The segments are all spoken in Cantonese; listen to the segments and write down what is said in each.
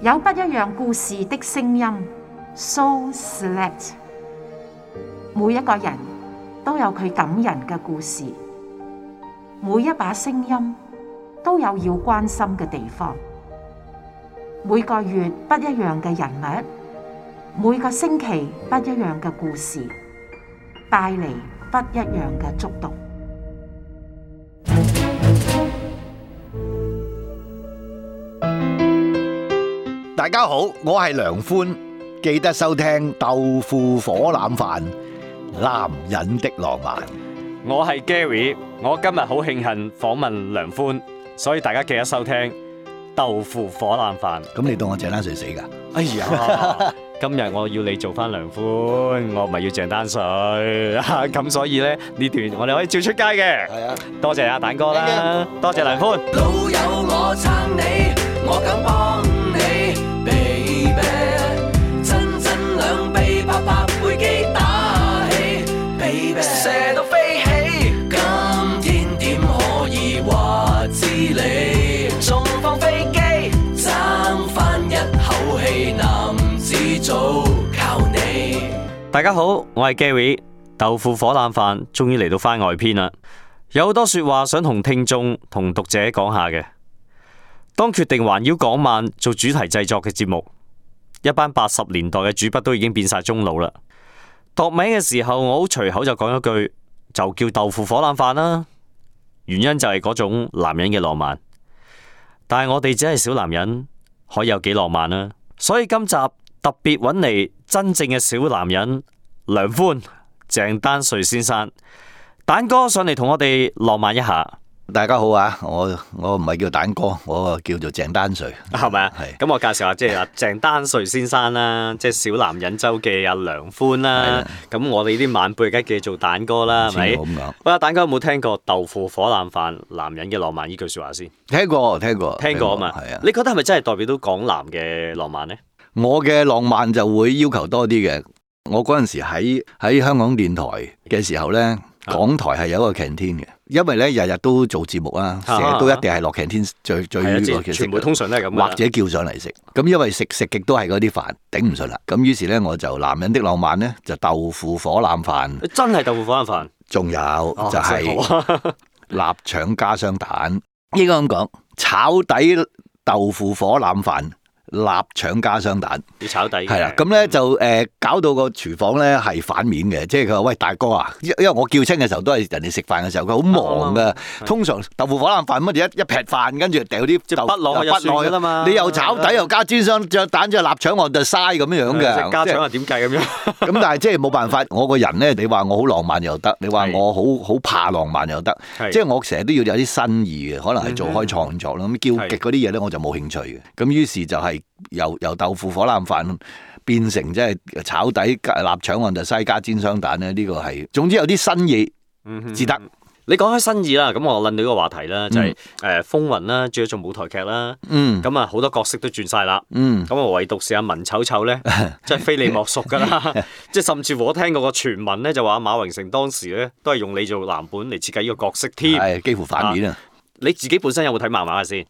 有不一樣故事的聲音，So select。每一個人都有佢感人嘅故事，每一把聲音都有要關心嘅地方。每個月不一樣嘅人物，每個星期不一樣嘅故事，帶嚟不一樣嘅觸動。大家好，我係梁寬，記得收聽豆腐火腩飯，男人的浪漫。我係 Gary，我今日好慶幸訪問梁寬，所以大家記得收聽豆腐火腩飯。咁你當我鄭丹瑞死噶？哎呀，今日我要你做翻梁寬，我唔係要鄭丹瑞。咁所以呢呢段我哋可以照出街嘅。係啊，多謝阿蛋哥啦，多謝梁寬。老友，我撐你，我噉幫。大家好，我係 Gary。豆腐火腩飯終於嚟到番外篇啦，有好多說話想同聽眾同讀者講下嘅。當決定環繞港漫做主題製作嘅節目，一班八十年代嘅主筆都已經變晒中老啦。讀名嘅時候，我好隨口就講一句，就叫豆腐火腩飯啦。原因就係嗰種男人嘅浪漫，但係我哋只係小男人，可以有幾浪漫啊？所以今集。特別揾嚟真正嘅小男人梁寬鄭丹瑞先生蛋哥上嚟同我哋浪漫一下。大家好啊，我我唔係叫蛋哥，我叫做鄭丹瑞，係咪啊？係。咁我介紹下，即係鄭丹瑞先生啦，即係小男人周記阿梁寬啦。咁我哋呢啲晚輩而家叫做蛋哥啦，係咪？唔好咁講。喂，蛋哥有冇聽過豆腐火腩飯男人嘅浪漫呢句說話先？聽過，聽過，聽過啊嘛。係啊。你覺得係咪真係代表到港男嘅浪漫呢？我嘅浪漫就會要求多啲嘅。我嗰陣時喺喺香港電台嘅時候呢，港台係有一個 canteen 嘅，因為呢日日都做節目啊，成日都一定係落 canteen 最最，即係全部通常都係咁，或者叫上嚟食。咁因為食食極都係嗰啲飯頂唔順啦。咁於是呢，我就男人的浪漫呢，就豆腐火腩飯。真係豆腐火腩飯。仲有就係臘腸加雙蛋。應該咁講，炒底豆腐火腩飯。臘腸加雙蛋，要炒底係啦，咁咧就誒搞到個廚房咧係反面嘅，即係佢話：喂，大哥啊，因因為我叫親嘅時候都係人哋食飯嘅時候，佢好忙噶。通常豆腐火腩飯乜嘢，一一撇飯跟住掉啲豆係不落不落噶啦嘛。你又炒底又加煎雙隻蛋，隻臘腸，我就嘥咁樣嘅。加腸又點計咁樣？咁但係即係冇辦法，我個人咧，你話我好浪漫又得，你話我好好怕浪漫又得，即係我成日都要有啲新意嘅，可能係做開創作咯。咁叫極嗰啲嘢咧，我就冇興趣嘅。咁於是就係。由由豆腐火腩飯變成即係炒底臘腸啊，就西加煎雙蛋咧，呢、這個係總之有啲新、嗯、新意至得。你講開新意啦，咁我諗到一個話題啦、就是，就係誒《風雲》啦，做一做舞台劇啦，咁啊好多角色都轉晒啦，咁啊、嗯、唯獨是阿文丑丑咧，即、就、係、是、非你莫屬噶啦。即係 甚至乎我聽過個傳聞咧，就話馬榮成當時咧都係用你做藍本嚟設計呢個角色添，係、嗯、幾乎反面啊。你自己本身有冇睇漫畫先？誒、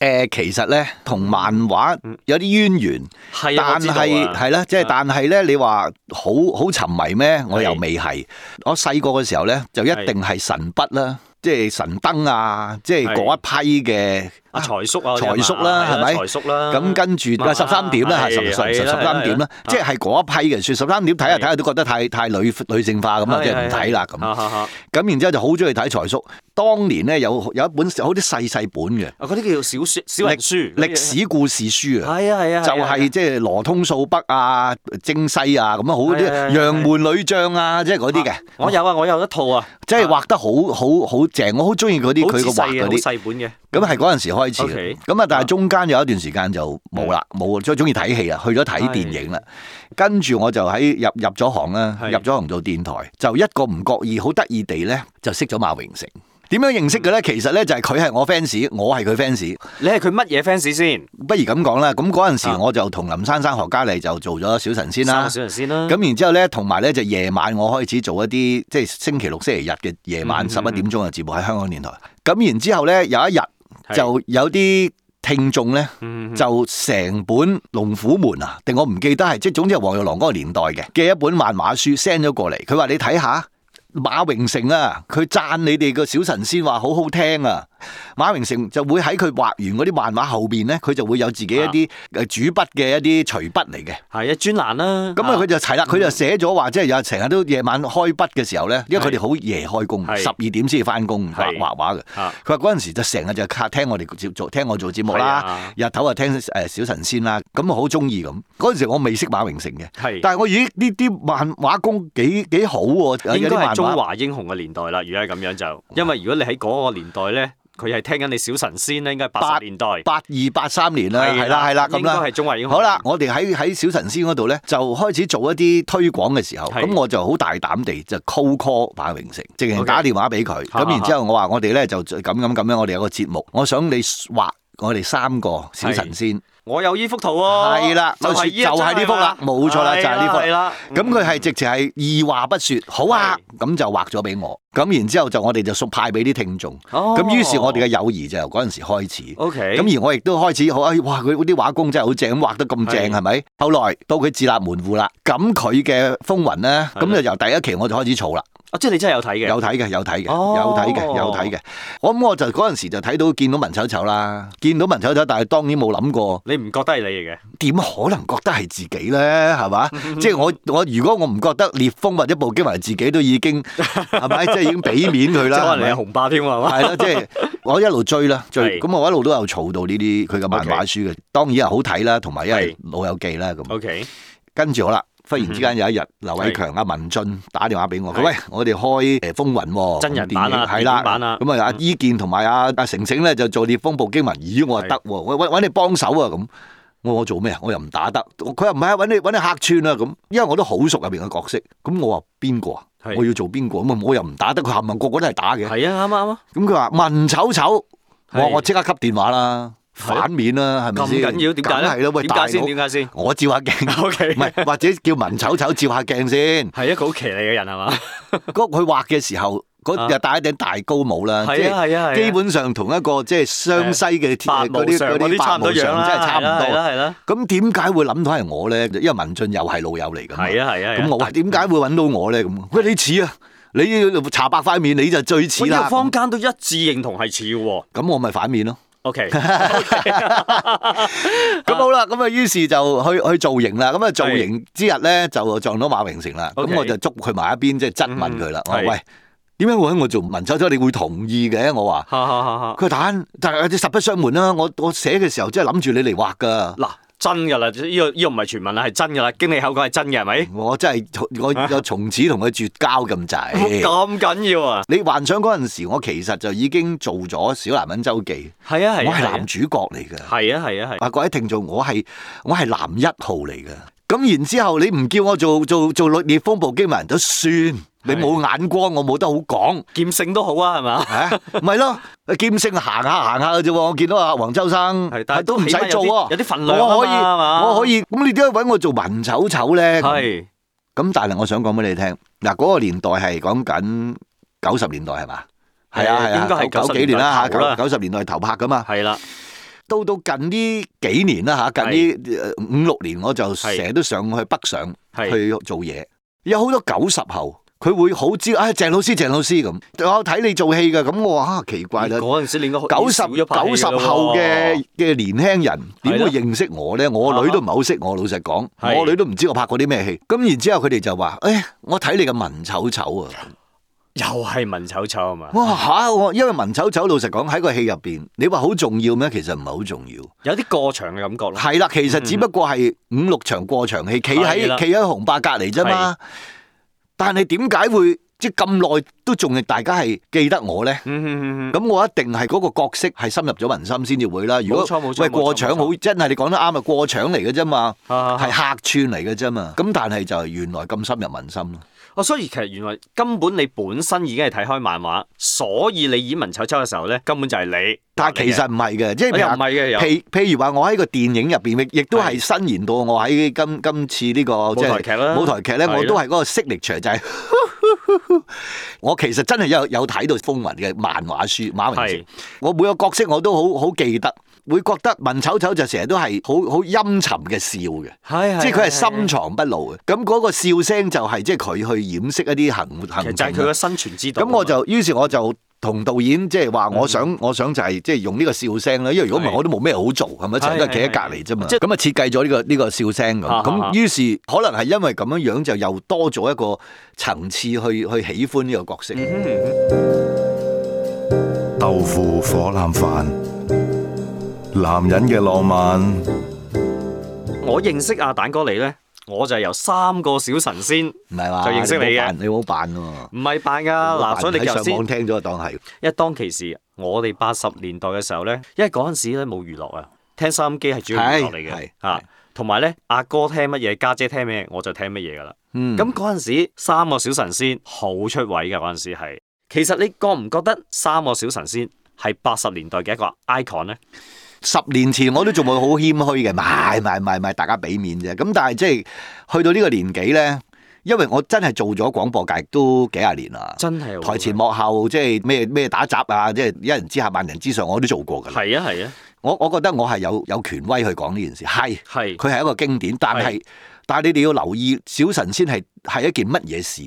呃，其實咧，同漫畫有啲淵源，係、嗯、我知道啊、但係係啦，即係、嗯、但係是咧，你話好好沉迷咩？我又未係，是我細個嘅時候咧，就一定係神筆啦，是即係神燈啊，即係嗰一批嘅是。嗯財叔啊，財叔啦，係咪？財叔啦，咁跟住，十三點啦，係十十三點啦，即係嗰一批嘅人算十三點睇下睇下都覺得太太女女性化咁啊，即係唔睇啦咁。咁然之後就好中意睇財叔，當年咧有有一本好似細細本嘅，嗰啲叫小説、小人書、歷史故事書啊，係啊係啊，就係即係羅通掃北啊、征西啊咁樣，好啲楊門女將啊，即係嗰啲嘅。我有啊，我有一套啊，即係畫得好好好正，我好中意嗰啲佢個畫嗰啲。細本嘅，咁係嗰陣時開開始咁啊！Okay. 但係中間有一段時間就冇啦，冇最中意睇戲啦，去咗睇電影啦。Yes. 跟住我就喺入入咗行啦，入咗行，Yes. 行做電台，就一個唔覺意，好得意地咧就識咗馬榮成。點樣認識嘅咧？其實咧就係佢係我 fans，我係佢 fans。你係佢乜嘢 fans 先？不如咁講啦。咁嗰陣時我就同林珊珊、何嘉麗就做咗小神仙啦。小神仙啦。咁然之後咧，同埋咧就夜晚我開始做一啲即係星期六、星期日嘅夜晚十一點鐘嘅節目喺香港電台。咁然之後咧有一日。是就有啲聽眾咧， 就成本《龍虎門》啊，定我唔記得係，即係總之係黃玉郎嗰個年代嘅嘅一本漫畫書 send 咗過嚟，佢話你睇下馬榮成啊，佢讚你哋個小神仙話好好聽啊！馬榮成就會喺佢畫完嗰啲漫畫後邊咧，佢就會有自己一啲誒主筆嘅一啲隨筆嚟嘅。係啊，專欄啦。咁啊、嗯，佢就係啦，佢就寫咗話，即係有成日都夜晚開筆嘅時候咧，因為佢哋好夜開工，十二點先至翻工畫畫嘅。佢話嗰陣時就成日就聽我哋做做，聽我做節目啦。啊、日頭就聽誒小神仙啦，咁啊好中意咁。嗰陣時我未識馬榮成嘅，是但係我已經呢啲漫畫工幾幾好喎。應該係中華英雄嘅年代啦。如果係咁樣就，因為如果你喺嗰個年代咧。佢係聽緊你小神仙咧，應該八十年代八,八二八三年啦，係啦係啦咁啦，的的應該係中華英雄。好啦，我哋喺喺小神仙嗰度咧，就開始做一啲推廣嘅時候，咁的我就好大膽地就 call call 馬榮成，直情的打電話俾佢，咁的然之後我話我哋咧就咁咁咁樣，我哋有個節目，的我想你畫我哋三個小神仙。我有依幅圖喎，係啦，就就係呢幅啦，冇錯啦，就係呢幅。咁佢係直情係二話不説，好啊，咁就畫咗俾我。咁然之後就我哋就送派俾啲聽眾。咁於是我哋嘅友誼就由嗰陣時開始。OK。咁而我亦都開始，好哇，佢啲畫功真係好正，畫得咁正係咪？後來到佢自立門戶啦，咁佢嘅風雲咧，咁就由第一期我就開始儲啦。即係你真係有睇嘅，有睇嘅，有睇嘅，有睇嘅，有睇嘅。我諗我就嗰陣時就睇到見到文丑丑啦，見到文丑丑，但係當然冇諗過。你唔覺得係你嚟嘅，點可能覺得係自己咧？係嘛？即係我我如果我唔覺得聶風或者布機埋自己都已經係咪？即係已經俾面佢啦。可能你個紅包添嘛？係咯，即係我一路追啦，追咁我一路都有儲到呢啲佢嘅漫畫書嘅。當然係好睇啦，同埋因為老友記啦咁。OK，跟住好啦。忽然之間有一日，劉偉強啊、是文俊打電話俾我，佢是喂，我哋開誒、呃《風雲、哦》真人、啊、電影係啦，咁啊，阿的、嗯啊、伊健同埋阿阿城城咧就做《聶風、步驚雲》，咦、呃，我話得喎、哦，揾揾是你幫手啊咁，我我做咩啊？我又唔打得，佢又唔係啊，揾你你客串啊咁，因為我都好熟入邊嘅角色，咁我話邊個啊？是我要做邊個咁啊？我又唔打得，佢話唔係個個都係打嘅，係啊，啱唔啱咁佢話文丑丑，我我即刻扱電話啦。反面啦，係咪先咁緊要？點解咧？點解先？點解先？我照下鏡，唔係或者叫文丑丑照下鏡先。係一個好騎呢嘅人係嘛？佢畫嘅時候，嗰又戴一頂大高帽啦。係啊，基本上同一個即係湘西嘅天。白無常，差唔多樣啦。係啦係啦。咁點解會諗到係我咧？因為文俊又係老友嚟㗎嘛。係啊係啊。咁我點解會揾到我咧？咁喂，你似啊？你搽白塊面，你就最似啦。坊間都一致認同係似喎。咁我咪反面咯。O K，咁好啦，咁啊於是就去去造型啦，咁啊造型之日咧就撞到馬榮成啦，咁 Okay. 我就捉佢埋一邊即、即係、質問佢啦，喂，點解我喺我做文手都你會同意嘅？我話，佢話 但係有啲實不相瞞啦，我我寫嘅時候真係諗住你嚟畫噶。嗱。 真噶啦，呢、呢個呢、呢個唔係傳聞啦，係真噶啦。經理口講係真嘅，係咪？我真係我我從此同佢絕交咁滯。咁緊要啊！你幻想嗰陣時，我其實就已經做咗小男人周記。係啊係，啊啊我係男主角嚟噶。係啊係啊係。啊，啊啊啊啊各位聽眾，我係我係男一號嚟噶。咁然之後，你唔叫我做做做烈風暴居人都算。你冇眼光，我冇得好講。劍聖都好啊，係咪？唔係咯，劍聖行下行下嘅啫喎。我見到阿黃秋生，都唔使做，有啲份量可以，我可以。咁你點解揾我做文丑丑咧？係咁，但係我想講俾你聽，嗱嗰個年代係講緊九十年代係嘛？係啊，係啊，應該係九幾年啦嚇，九十年代頭拍㗎嘛。係啦，到到近呢幾年啦嚇，近呢五六年我就成日都上去北上去做嘢，有好多九十後。佢會好知，哎，鄭老師，鄭老師咁，我睇你做戲嘅，咁我話啊奇怪啦，嗰陣時練緊九十九十後嘅嘅年輕人點會認識我咧？我女都唔係好識我，老實講，我女都唔知我拍過啲咩戲。咁然之後佢哋就話：哎，我睇你嘅文醜醜啊，又係文醜醜啊嘛。哇嚇！我因為文醜醜，老實講喺個戲入邊，你話好重要咩？其實唔係好重要，有啲過場嘅感覺咯。係啦，其實只不過係五六場過場戲，企喺企喺紅白隔籬啫嘛。但係點解會即係咁耐都仲係大家係記得我咧？咁、嗯嗯、我一定係嗰個角色係深入咗民心先至會啦。如果喂過場好，錯真係你講得啱啊，過場嚟嘅啫嘛，係客串嚟嘅啫嘛。咁但係就係原來咁深入民心咯。哦，所以其實原來根本你本身已經係睇開漫畫，所以你演文丑丑嘅時候咧，根本就係你。但係其實唔係嘅，即係是又唔係嘅。譬譬如話，我喺個電影入邊，亦都係伸延到我喺今今次呢、這個的是舞台劇啦。咧的，我都係嗰個飾力場仔。 我其實真係有有睇到風雲嘅漫畫書，馬雲志。的我每個角色我都好好記得，會覺得文丑丑就成日都係好好陰沉嘅笑嘅，是是是即係佢係深藏不露嘅。咁嗰個笑聲就係即係佢去掩飾一啲行為就係佢嘅生存之道。咁我就、嗯、於是我就同導演即係話我想、嗯、我想我想就係即係用呢個笑聲啦，因為如果唔係我都冇咩好做，係咪是是？成日都企喺隔籬啫嘛。咁啊是是 設計咗呢個呢個笑聲咁。咁於是可能係因為咁樣樣就又多咗一個層次去去喜歡呢個角色。豆腐火腩飯。 男人嘅浪漫，我認識阿蛋哥你呢？我就係由三個小神仙，唔係嘛，就認識你嘅，你冇扮喎，唔係扮噶嗱，所以你上網聽咗當係，因為當其時我哋八十年代嘅時候呢，因為嗰陣時咧冇娛樂啊，聽收音機係主要娛樂嚟嘅吓，同埋呢，阿哥聽乜嘢，家姐，姐聽咩，我就聽乜嘢噶啦。咁嗰陣時三個小神仙好出位噶嗰陣時係，其實你覺唔覺得三個小神仙係八十年代嘅一個 icon 呢？十年前我都仲係好謙虛嘅，買買買，買，大家俾面啫。咁但係即係去到呢個年紀咧，因為我真係做咗廣播界都幾廿年啦，真係台前幕後即係咩咩打雜啊，即係一人之下萬人之上，我都做過噶啦。係啊係啊，啊我我覺得我係有有權威去講呢件事，係係佢係一個經典，但係、啊、但係你哋要留意小神仙係係一件乜嘢事。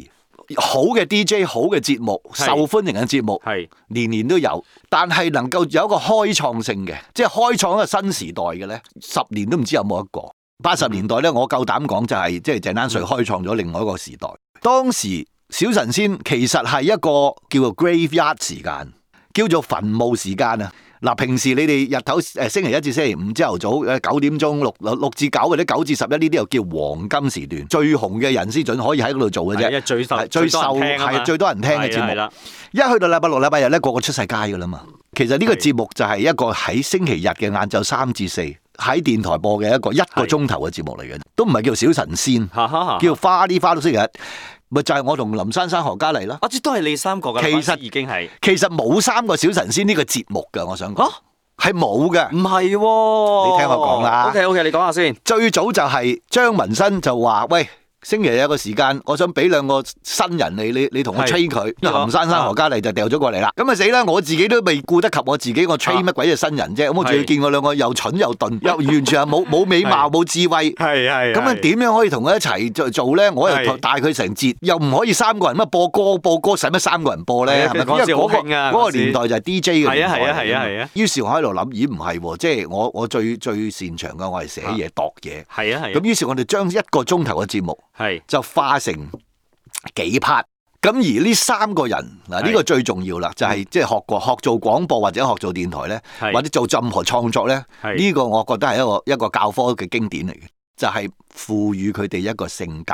好嘅 DJ，好嘅節目，受歡迎嘅節目，係年年都有。但係能夠有一個開創性嘅，即係開創一個新時代嘅咧，十年都唔知有冇一個。八十年代咧、就係，我夠膽講就係即係鄭丹瑞開創咗另外一個時代。當時小神仙其實係一個叫做 graveyard 時間，叫做墳墓時間啊。嗱，平時你哋日頭誒星期一至星期五，朝頭早誒九點鐘六六至九或者九至十一呢啲又叫黃金時段，最紅嘅人先準可以喺嗰度做嘅啫，最受最受係最多人聽嘅節目啦。一去到禮拜六、禮拜日咧，個個出曬街噶啦嘛。其實呢個節目就係一個喺星期日嘅晏晝三至四喺電台播嘅一個一個鐘頭嘅節目嚟嘅，的都唔係叫小神仙， 叫花啲花到星期日。咪就係我同林珊珊、何家麗啦，啊，知都係你三個嘅，其實已經係，其實冇三個小神仙呢個節目噶，我想講，吓，係冇嘅，唔係，哦、你聽我講啦、啊、，OK OK，你講下先，最早就係張文新就話喂。星期日有個時間，我想俾兩個新人你，你你同我 train 佢。林珊珊、何嘉麗就掉咗過嚟啦。咁啊死啦！我自己都未顧得及我自己，我 train 乜鬼嘅新人啫。我仲要見我兩個又蠢又鈍，又完全係冇冇美貌、冇智慧。係係。咁啊，點樣可以同佢一齊做做咧？我又帶佢成節，又唔可以三個人。乜播歌播歌，使乜三個人播咧？因為嗰個嗰個年代就係 DJ 嘅年代。係啊係啊係啊係啊。於是，我喺度諗，咦唔係喎？即係我我最最擅長嘅，我係寫嘢、度嘢。係啊係。咁於是，我哋將一個鐘頭嘅節目。係是就化成幾 part，咁而呢三個人嗱，呢是個最重要啦，就係即係學過學做廣播或者學做電台咧，是或者做任何創作咧，呢是個我覺得係一個一個教科嘅經典嚟嘅。就係賦予佢哋一個性格。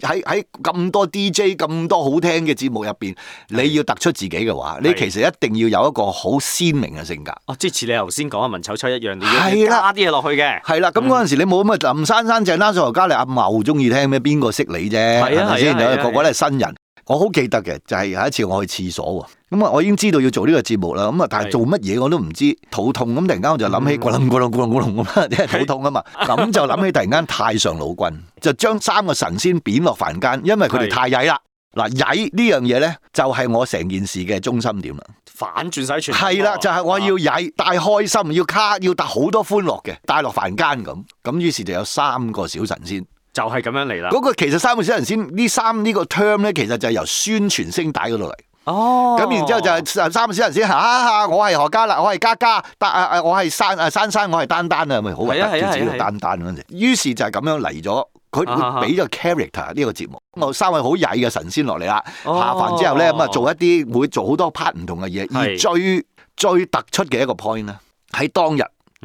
喺喺咁多 DJ 咁多好聽嘅節目入邊，你要突出自己嘅話，是你其實一定要有一個好鮮明嘅性格。即係你頭先講啊，文丑丑一樣你要的加啲嘢落去嘅。係啦，咁嗰陣時你冇咁啊，林珊珊就拉咗嘉莉，阿茂中意聽咩？邊個識你啫？係咪先？個個都係新人。我好記得嘅就係、是、有一次我去廁所喎，咁啊我已經知道要做呢個節目啦，咁啊但係做乜嘢我都唔知，是肚痛咁突然間我就諗起咕隆咕隆咕隆咕隆咁，即係、嗯、肚痛啊嘛，諗是就諗起突然間太上老君就將三個神仙貶落凡間，因為佢哋太曳啦，嗱曳呢樣嘢咧就係我成件事嘅中心點啦，反轉晒全係啦，就係、是、我要曳，帶是開心要卡要帶好多歡樂嘅，帶落凡間咁，咁於是就有三個小神仙。就係咁樣嚟啦。嗰個其實三位小神仙，呢三呢個，個 term 咧，其實就係由宣傳聲帶嗰度嚟。哦。咁然之後就係三位小神仙。嚇、啊、我係何家啦，我係嘉嘉，但啊啊我係珊啊珊珊，我係丹丹啊，咪好核突，單單叫自己叫丹丹嗰陣。於是就係咁樣嚟咗，佢會俾個 character 呢個節目，咁、uh, uh, 三位好曳嘅神仙落嚟啦。下凡之後咧，咁啊做一啲會做好多 part 唔同嘅嘢，uh, uh, 而最、啊、最突出嘅一個 point 咧，喺當日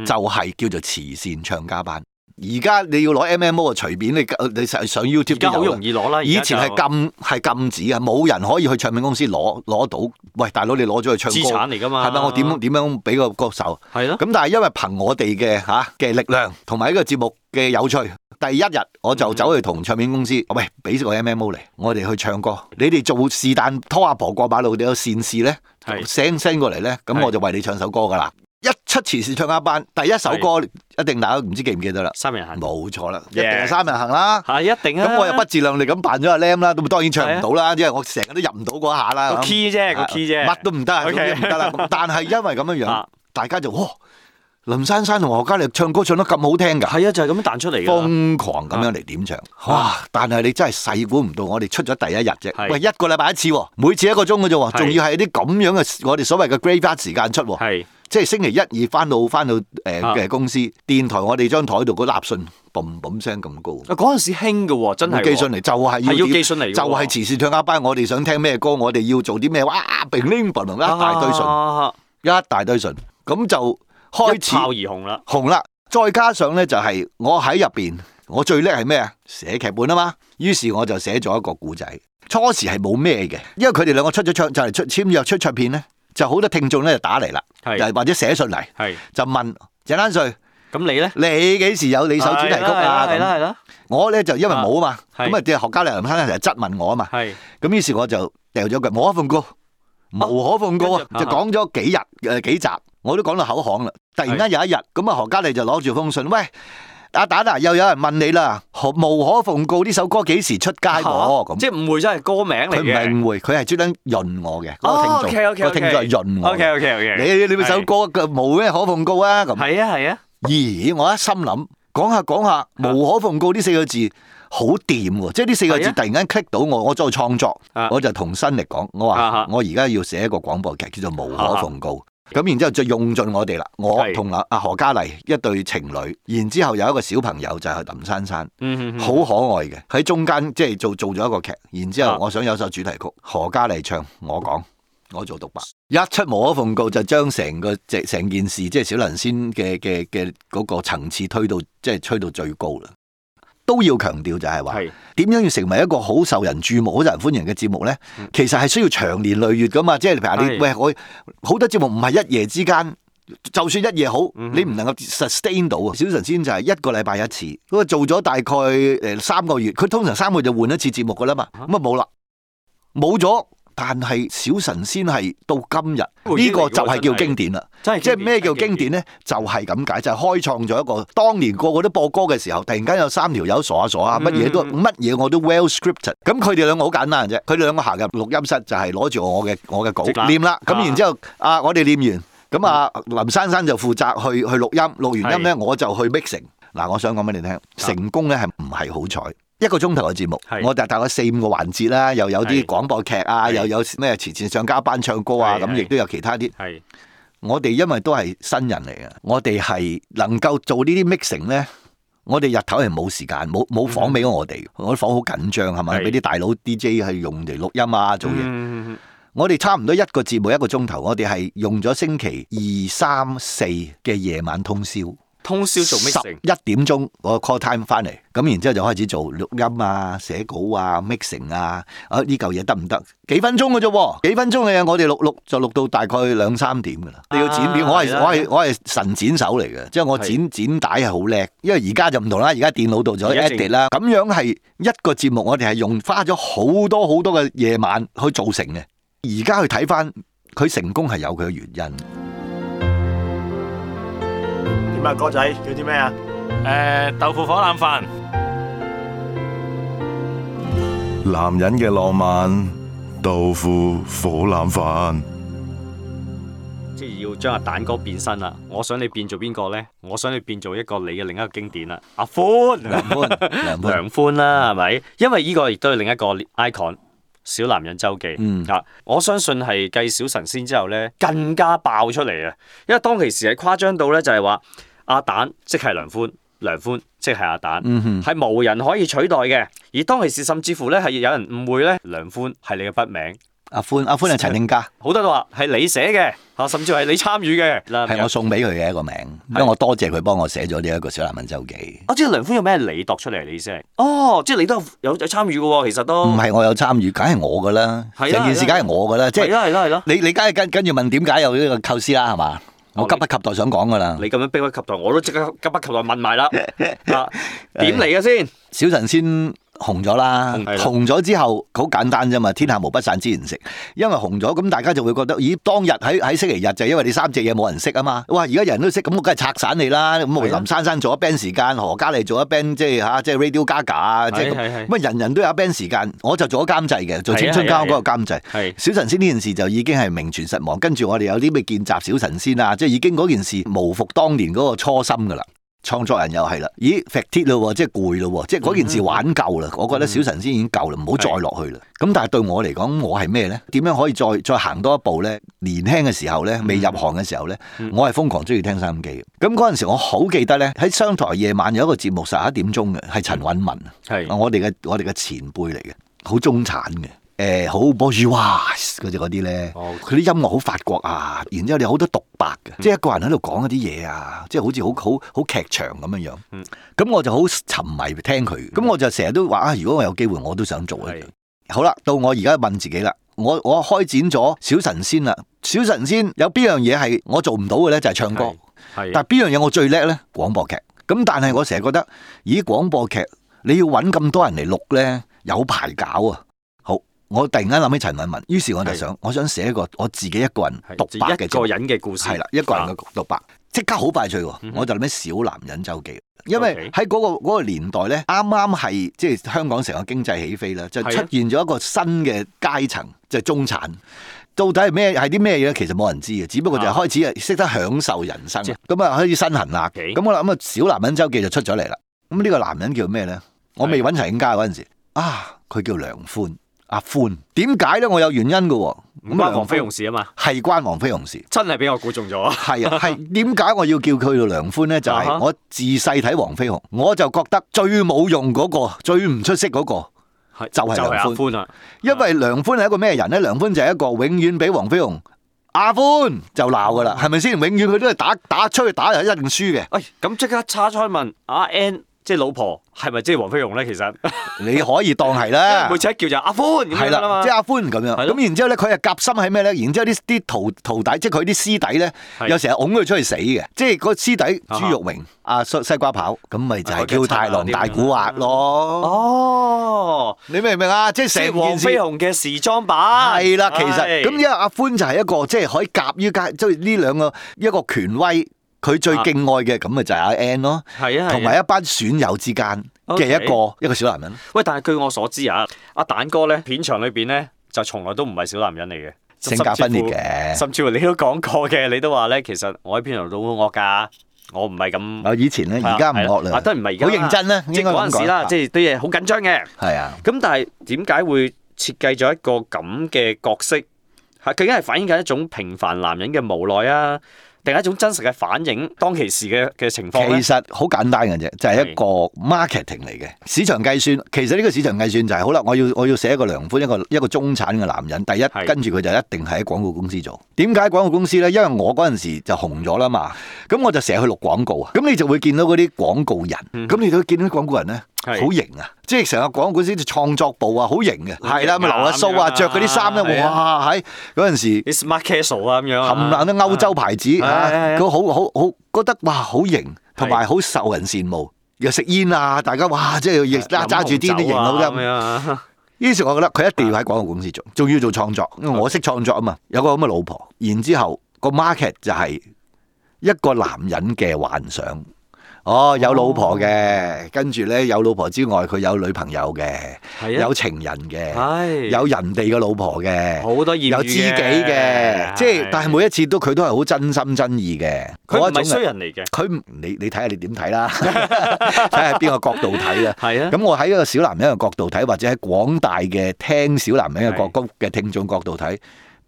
就係叫做慈善唱家班。而家你要攞 M M O 啊，隨便你，你上 YouTube 都有。而家好容易攞啦，以前係禁係禁止啊，冇人可以去唱片公司攞攞到。喂，大佬你攞咗去唱歌。資產嚟噶嘛？係咪我點點樣俾個歌手？係咯的。咁但係因為憑我哋嘅嚇嘅力量，同埋呢個節目嘅有趣，第一日我就走去同唱片公司，嗯、喂，俾個 M M O 嚟，我哋去唱歌。你哋做是但拖阿婆，婆過馬路，你有善事咧，send send 過嚟咧，咁我就為你唱首歌㗎啦。一出慈善唱家班，第一首歌一定大家唔知記唔記得啦？三人行，冇錯啦，一定係三人行啦，係一定啊！咁我又不自量力咁扮咗阿 Lam 啦，都當然唱唔到啦，因為我成日都入唔到嗰下啦，key 啫，個 key 啫，乜都唔得，唔得啦！但係因為咁樣樣，大家就林珊珊同何嘉麗唱歌唱得咁好聽噶，係啊，就係咁樣彈出嚟，瘋狂咁樣嚟點唱哇！但係你真係細估唔到，我哋出咗第一日啫，喂，一個禮拜一次，每次一個鐘嘅啫，仲要係啲咁樣嘅我哋所謂嘅 graveyard 時間出係。即係星期一二翻到翻到誒嘅、呃啊、公司電台，我台，我哋張台度嗰立信嘣嘣 o 聲咁高。嗰陣、啊、時興嘅喎，真係、哦、寄信嚟就係、是、要，要寄信嚟、哦，就係慈善唱家班。我哋想聽咩歌，我哋要做啲咩，哇叮叮叮叮一大堆信、啊，一大堆信，咁就開始一爆而紅啦。紅啦，再加上咧就係、是、我喺入邊，我最叻係咩啊？寫劇本啊嘛。於是我就寫咗一個故仔。初時係冇咩嘅，因為佢哋兩個出咗唱就嚟出簽約出唱片咧。就好多聽眾咧就打嚟啦，又或者寫信嚟，就問鄭丹瑞：「咁你咧？你幾時有你首主題曲啊？係啦係啦，我咧就因為冇啊嘛，咁啊叫何嘉麗成日嚟質問我啊嘛，咁於是我就掉咗句無可奉告，無可奉告啊，就講咗幾日誒幾集，我都講到口乾啦。突然間有一日，咁啊何嘉麗就攞住封信，喂。阿蛋啊，又有人問你啦，無可奉告呢首歌幾時出街我咁？即係誤會真係歌名。佢唔係誤會，佢係專登潤我嘅。我聽咗，我聽咗係潤我。OK OK OK，你你咪首歌嘅冇咩可奉告啊？咁係啊係啊，咦我一心諗，講下講下，無可奉告呢四個字好掂喎，即係呢四個字突然間 click 到我，我再創作，我就同新力講，我話我而家要寫一個廣播劇，叫做《無可奉告》。咁然之後就用盡我哋啦，我同阿何嘉麗一對情侶，然之後有一個小朋友就係林珊珊，好可愛嘅，喺中間即係做做咗一個劇，然之後我想有首主題曲，何嘉麗唱，我講，我做獨白，一出無可奉告就將成個即成件事，即係小林先嘅嘅嘅嗰個層次推到即係吹到最高啦。都要強調就係話，點是樣要成為一個好受人注目、好受人歡迎嘅節目呢？嗯、其實係需要長年累月㗎嘛。即係譬如你，是喂我好多節目唔係一夜之間，就算一夜好，嗯、哼你唔能夠 sustain 到啊。小神仙就係一個禮拜一次，咁啊做咗大概誒、呃、三個月，佢通常三個月就換一次節目㗎喇嘛，咁啊冇啦，冇咗。但係小神仙係到今日呢、這個就係叫經典啦，典即係咩叫經典呢？就係咁解，就係、開創咗一個當年個個都播歌嘅時候，突然間有三條友傻下傻下，乜嘢都乜嘢我都 well scripted。咁佢哋兩個好簡單嘅啫，佢哋兩個行入錄音室就係攞住我嘅我嘅稿念啦。咁刻然之後啊，啊，我哋念完咁啊，嗯、林珊珊就負責去去錄音，錄完音呢，是我就去 mix 成。嗱，我想講俾你聽，成功呢係唔係好彩？一個鐘頭嘅節目，是的 我就大概四五個環節啦，又有啲廣播劇啊，是的 又有咩慈善上加班唱歌啊，咁亦都有其他啲。是的 我哋因為都係新人嚟嘅，我哋係能夠做呢啲 mixing 呢。我哋日頭係冇時間，冇冇房俾我哋，我啲房好緊張，係咪？俾啲是的 大佬 DJ 去用嚟錄音啊，做嘢。是的 我哋差唔多一個節目一個鐘頭，我哋係用咗星期二、三、四嘅夜晚通宵。通宵做 mixing，十一點鐘我 call time 翻嚟，咁然之後就開始做錄音啊、寫稿啊、mixing 啊，啊呢嚿嘢得唔得？幾分鐘嘅啫，幾分鐘嘅嘢，我哋錄錄就錄到大概兩三點嘅啦。你、啊、要剪片，我係的我係我係神剪手嚟嘅，即係我剪的剪帶係好叻。因為而家就唔同啦，而家電腦度就可以 edit 啦。咁的樣係一個節目，我哋係用花咗好多好多嘅夜晚去做成嘅。而家去睇翻，佢成功係有佢嘅原因。乜哥仔叫啲咩啊？誒、呃，豆腐火腩飯。男人嘅浪漫，豆腐火腩飯。即係要將阿蛋哥變身啦。我想你變做邊個呢？我想你變做一個你嘅另一個經典啦。阿歡，梁歡，梁 歡啦、啊，係咪？因為呢個亦都係另一個 icon，小男人周記。嗯、啊，我相信係繼小神仙之後呢，更加爆出嚟啊！因為當其時係誇張到呢，就係話。阿蛋即係梁寬，梁寬即係阿蛋，係、嗯、哼無人可以取代嘅。而當其時，甚至乎咧係有人誤會咧，梁寬係你嘅筆名。阿寬，阿寬係陳令家。好多都話係你寫嘅，嚇、啊，甚至係你參與嘅，係、啊、我送俾佢嘅一個名，是因為我多謝佢幫我寫咗呢一個《小男人周記》啊。我知梁寬有咩你度出嚟？你先。哦，即係你都有有，有，有參與嘅喎，其實都唔係我有參與，梗係我㗎啦，成的件事梗係我㗎啦，即係。係咯係咯，你的你梗係跟跟住問點解有呢個構思啦係嘛？我急不及待想講噶啦，你咁樣逼不及待，我都即刻急不及待問埋啦，啊，點嚟嘅先？ 小神仙。紅咗啦，嗯、紅咗之後好簡單啫嘛，天下無不散之筵席。因為紅咗，咁大家就會覺得，咦，當日喺喺星期日就係、因為你三隻嘢冇人識啊嘛。哇，而家人都識，咁我梗係拆散你啦。咁林珊珊，珊做咗 band 時間，何嘉麗做咗 band，即係吓，即係 Radio Gaga 啊，即係咁啊，人人都有 band 時間。我就做咗監製嘅，做青春交嗰個監製。小神仙呢件事就已經係名存實亡，是是跟住我哋有啲咩見習小神仙啊，即係已經嗰件事無復當年嗰個初心噶啦。創作人又係啦，咦，踢鐵咯，即係攰咯，嗯、即係嗰件事玩夠啦。嗯、我覺得小神仙已經夠啦，唔好、嗯、再落去啦。咁是但係對我嚟講，我係咩咧？點樣可以再再行多一步咧？年輕嘅時候咧，未入行嘅時候咧，嗯、我係瘋狂中意聽收音機嘅。咁嗰陣時，我好記得咧，喺商台夜晚有一個節目十一點鐘嘅，係陳韻文，啊是，係我哋嘅我哋嘅前輩嚟嘅，好中產嘅。誒好 Boyz Wars 嗰隻嗰啲咧，佢啲、呃 oh, okay. 音樂好法國啊！然之後有好多獨白嘅，mm hmm. 即係一個人喺度講一啲嘢啊，即係好似好好好劇場咁樣樣。咁我就好沉迷聽佢，咁我就成日都話啊，如果我有機會，我都想做。一樣、mm hmm. 好啦，到我而家問自己啦，我我開展咗小神仙啦，小神仙有邊樣嘢係我做唔到嘅咧？就係、是、唱歌。Mm hmm. 但係邊樣嘢我最叻咧？廣播劇。咁但係我成日覺得咦，咦，廣播劇你要揾咁多人嚟錄咧，有排搞啊！我突然間諗起陳韻文，於是我就想，是我想寫一個我自己一個人獨白嘅故事，係啦，一個人嘅獨白，即刻好快脆。嗯、哼我就諗起小男人周記，因為喺嗰、那個、那個年代咧，啱啱係即係香港成個經濟起飛啦，就出現咗一個新嘅階層，就係、是、中產。的到底係咩？係啲咩嘢？其實冇人知嘅，只不過就開始啊，識得享受人生，咁啊開始身痕啦。咁我啦，咁啊小男人周記就出咗嚟啦。咁呢個男人叫咩咧？我未揾陳慶嘉嗰陣時，啊，佢叫梁寬。阿歡點解咧？我有原因㗎，咁關黃飛鴻事啊嘛，係關黃飛鴻事，真係俾我估中咗。係 啊，係點解我要叫佢做梁歡咧？就係、是、我自細睇黃飛鴻，我就覺得最冇用嗰、那個，最唔出色嗰個，係就係梁歡啊。因為梁歡係一個咩人咧？梁歡就係一個永遠俾黃飛鴻阿歡就鬧噶啦，係咪先？永遠佢都係打打出去打就一定輸嘅。喂、哎，咁即刻叉出去問阿 N。即係老婆係咪即係黃飛鴻咧？其實你可以當係啦，每次一叫就阿歡，係啦，即係阿歡咁樣。咁然之後咧，佢係夾心喺咩咧？然之後啲啲徒徒弟，即係佢啲師弟咧，有成日擁佢出去死嘅。即係個師弟豬肉榮、阿西西瓜刨，咁咪就係叫太郎大古惑咯。哦，你明唔明啊？即係黃飛鴻嘅時裝版係啦。其實咁因為阿歡就係一個即係可以夾於介即係呢兩個一個權威。佢最敬愛嘅咁咪就係阿 N 咯，係啊，同埋一班損友之間嘅一個一個小男人。喂，但係據我所知啊，阿蛋哥咧，片場裏邊咧就從來都唔係小男人嚟嘅，性格分裂嘅，甚至乎你都講過嘅，你都話咧，其實我喺片場度好惡噶，我唔係咁。啊，以前咧，而家唔惡啦，都唔係而家好認真咧，即係嗰陣時啦，即係對嘢好緊張嘅。係啊，咁但係點解會設計咗一個咁嘅角色？吓，佢究竟係反映緊一種平凡男人嘅無奈啊。係一種真實嘅反應，當其時嘅嘅情況其實好簡單嘅啫，就係、是、一個 marketing 嚟嘅市場計算。其實呢個市場計算就係、是、好啦，我要我要寫一個良歡，一個一個中產嘅男人。第一是跟住佢就一定係喺廣告公司做。點解廣告公司咧？因為我嗰陣時就紅咗啦嘛。咁我就成日去錄廣告啊。咁你就會見到嗰啲廣告人。咁你會見到啲廣告人咧？嗯好型啊！即係成日廣告公司啲創作部啊，好型嘅。係啦，咁劉阿蘇啊，着嗰啲衫咧，哇喺嗰陣時。Smart Casual 啊，咁樣冚唪唥啲歐洲牌子佢個好好好，覺得哇好型，同埋好受人羨慕。又食煙啊，大家哇，即係揸住啲啲型到咁。於是，我覺得佢一定要喺廣告公司做，仲要做創作，因為我識創作啊嘛。有個咁嘅老婆，然之後個 market 就係一個男人嘅幻想。哦，有老婆嘅，跟住呢，有老婆之外，佢有女朋友嘅，的有情人嘅，唉有人哋嘅老婆嘅，好多有知己嘅，啊、即係的但係每一次都佢都係好真心真意嘅，佢唔係衰人嚟嘅，佢你你睇下你點睇啦，睇下邊個角度睇啊，咁 的我喺一個小男人嘅角度睇，或者喺廣大嘅聽小男人嘅國歌嘅聽眾角度睇。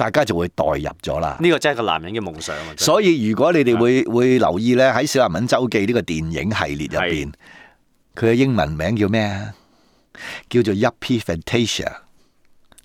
大家就會代入咗啦。呢個真係個男人嘅夢想，啊。所以如果你哋會會留意咧，喺《小男人周記》呢個電影系列入邊，佢嘅是英文名叫咩？叫做《Yuppie Fantasia》，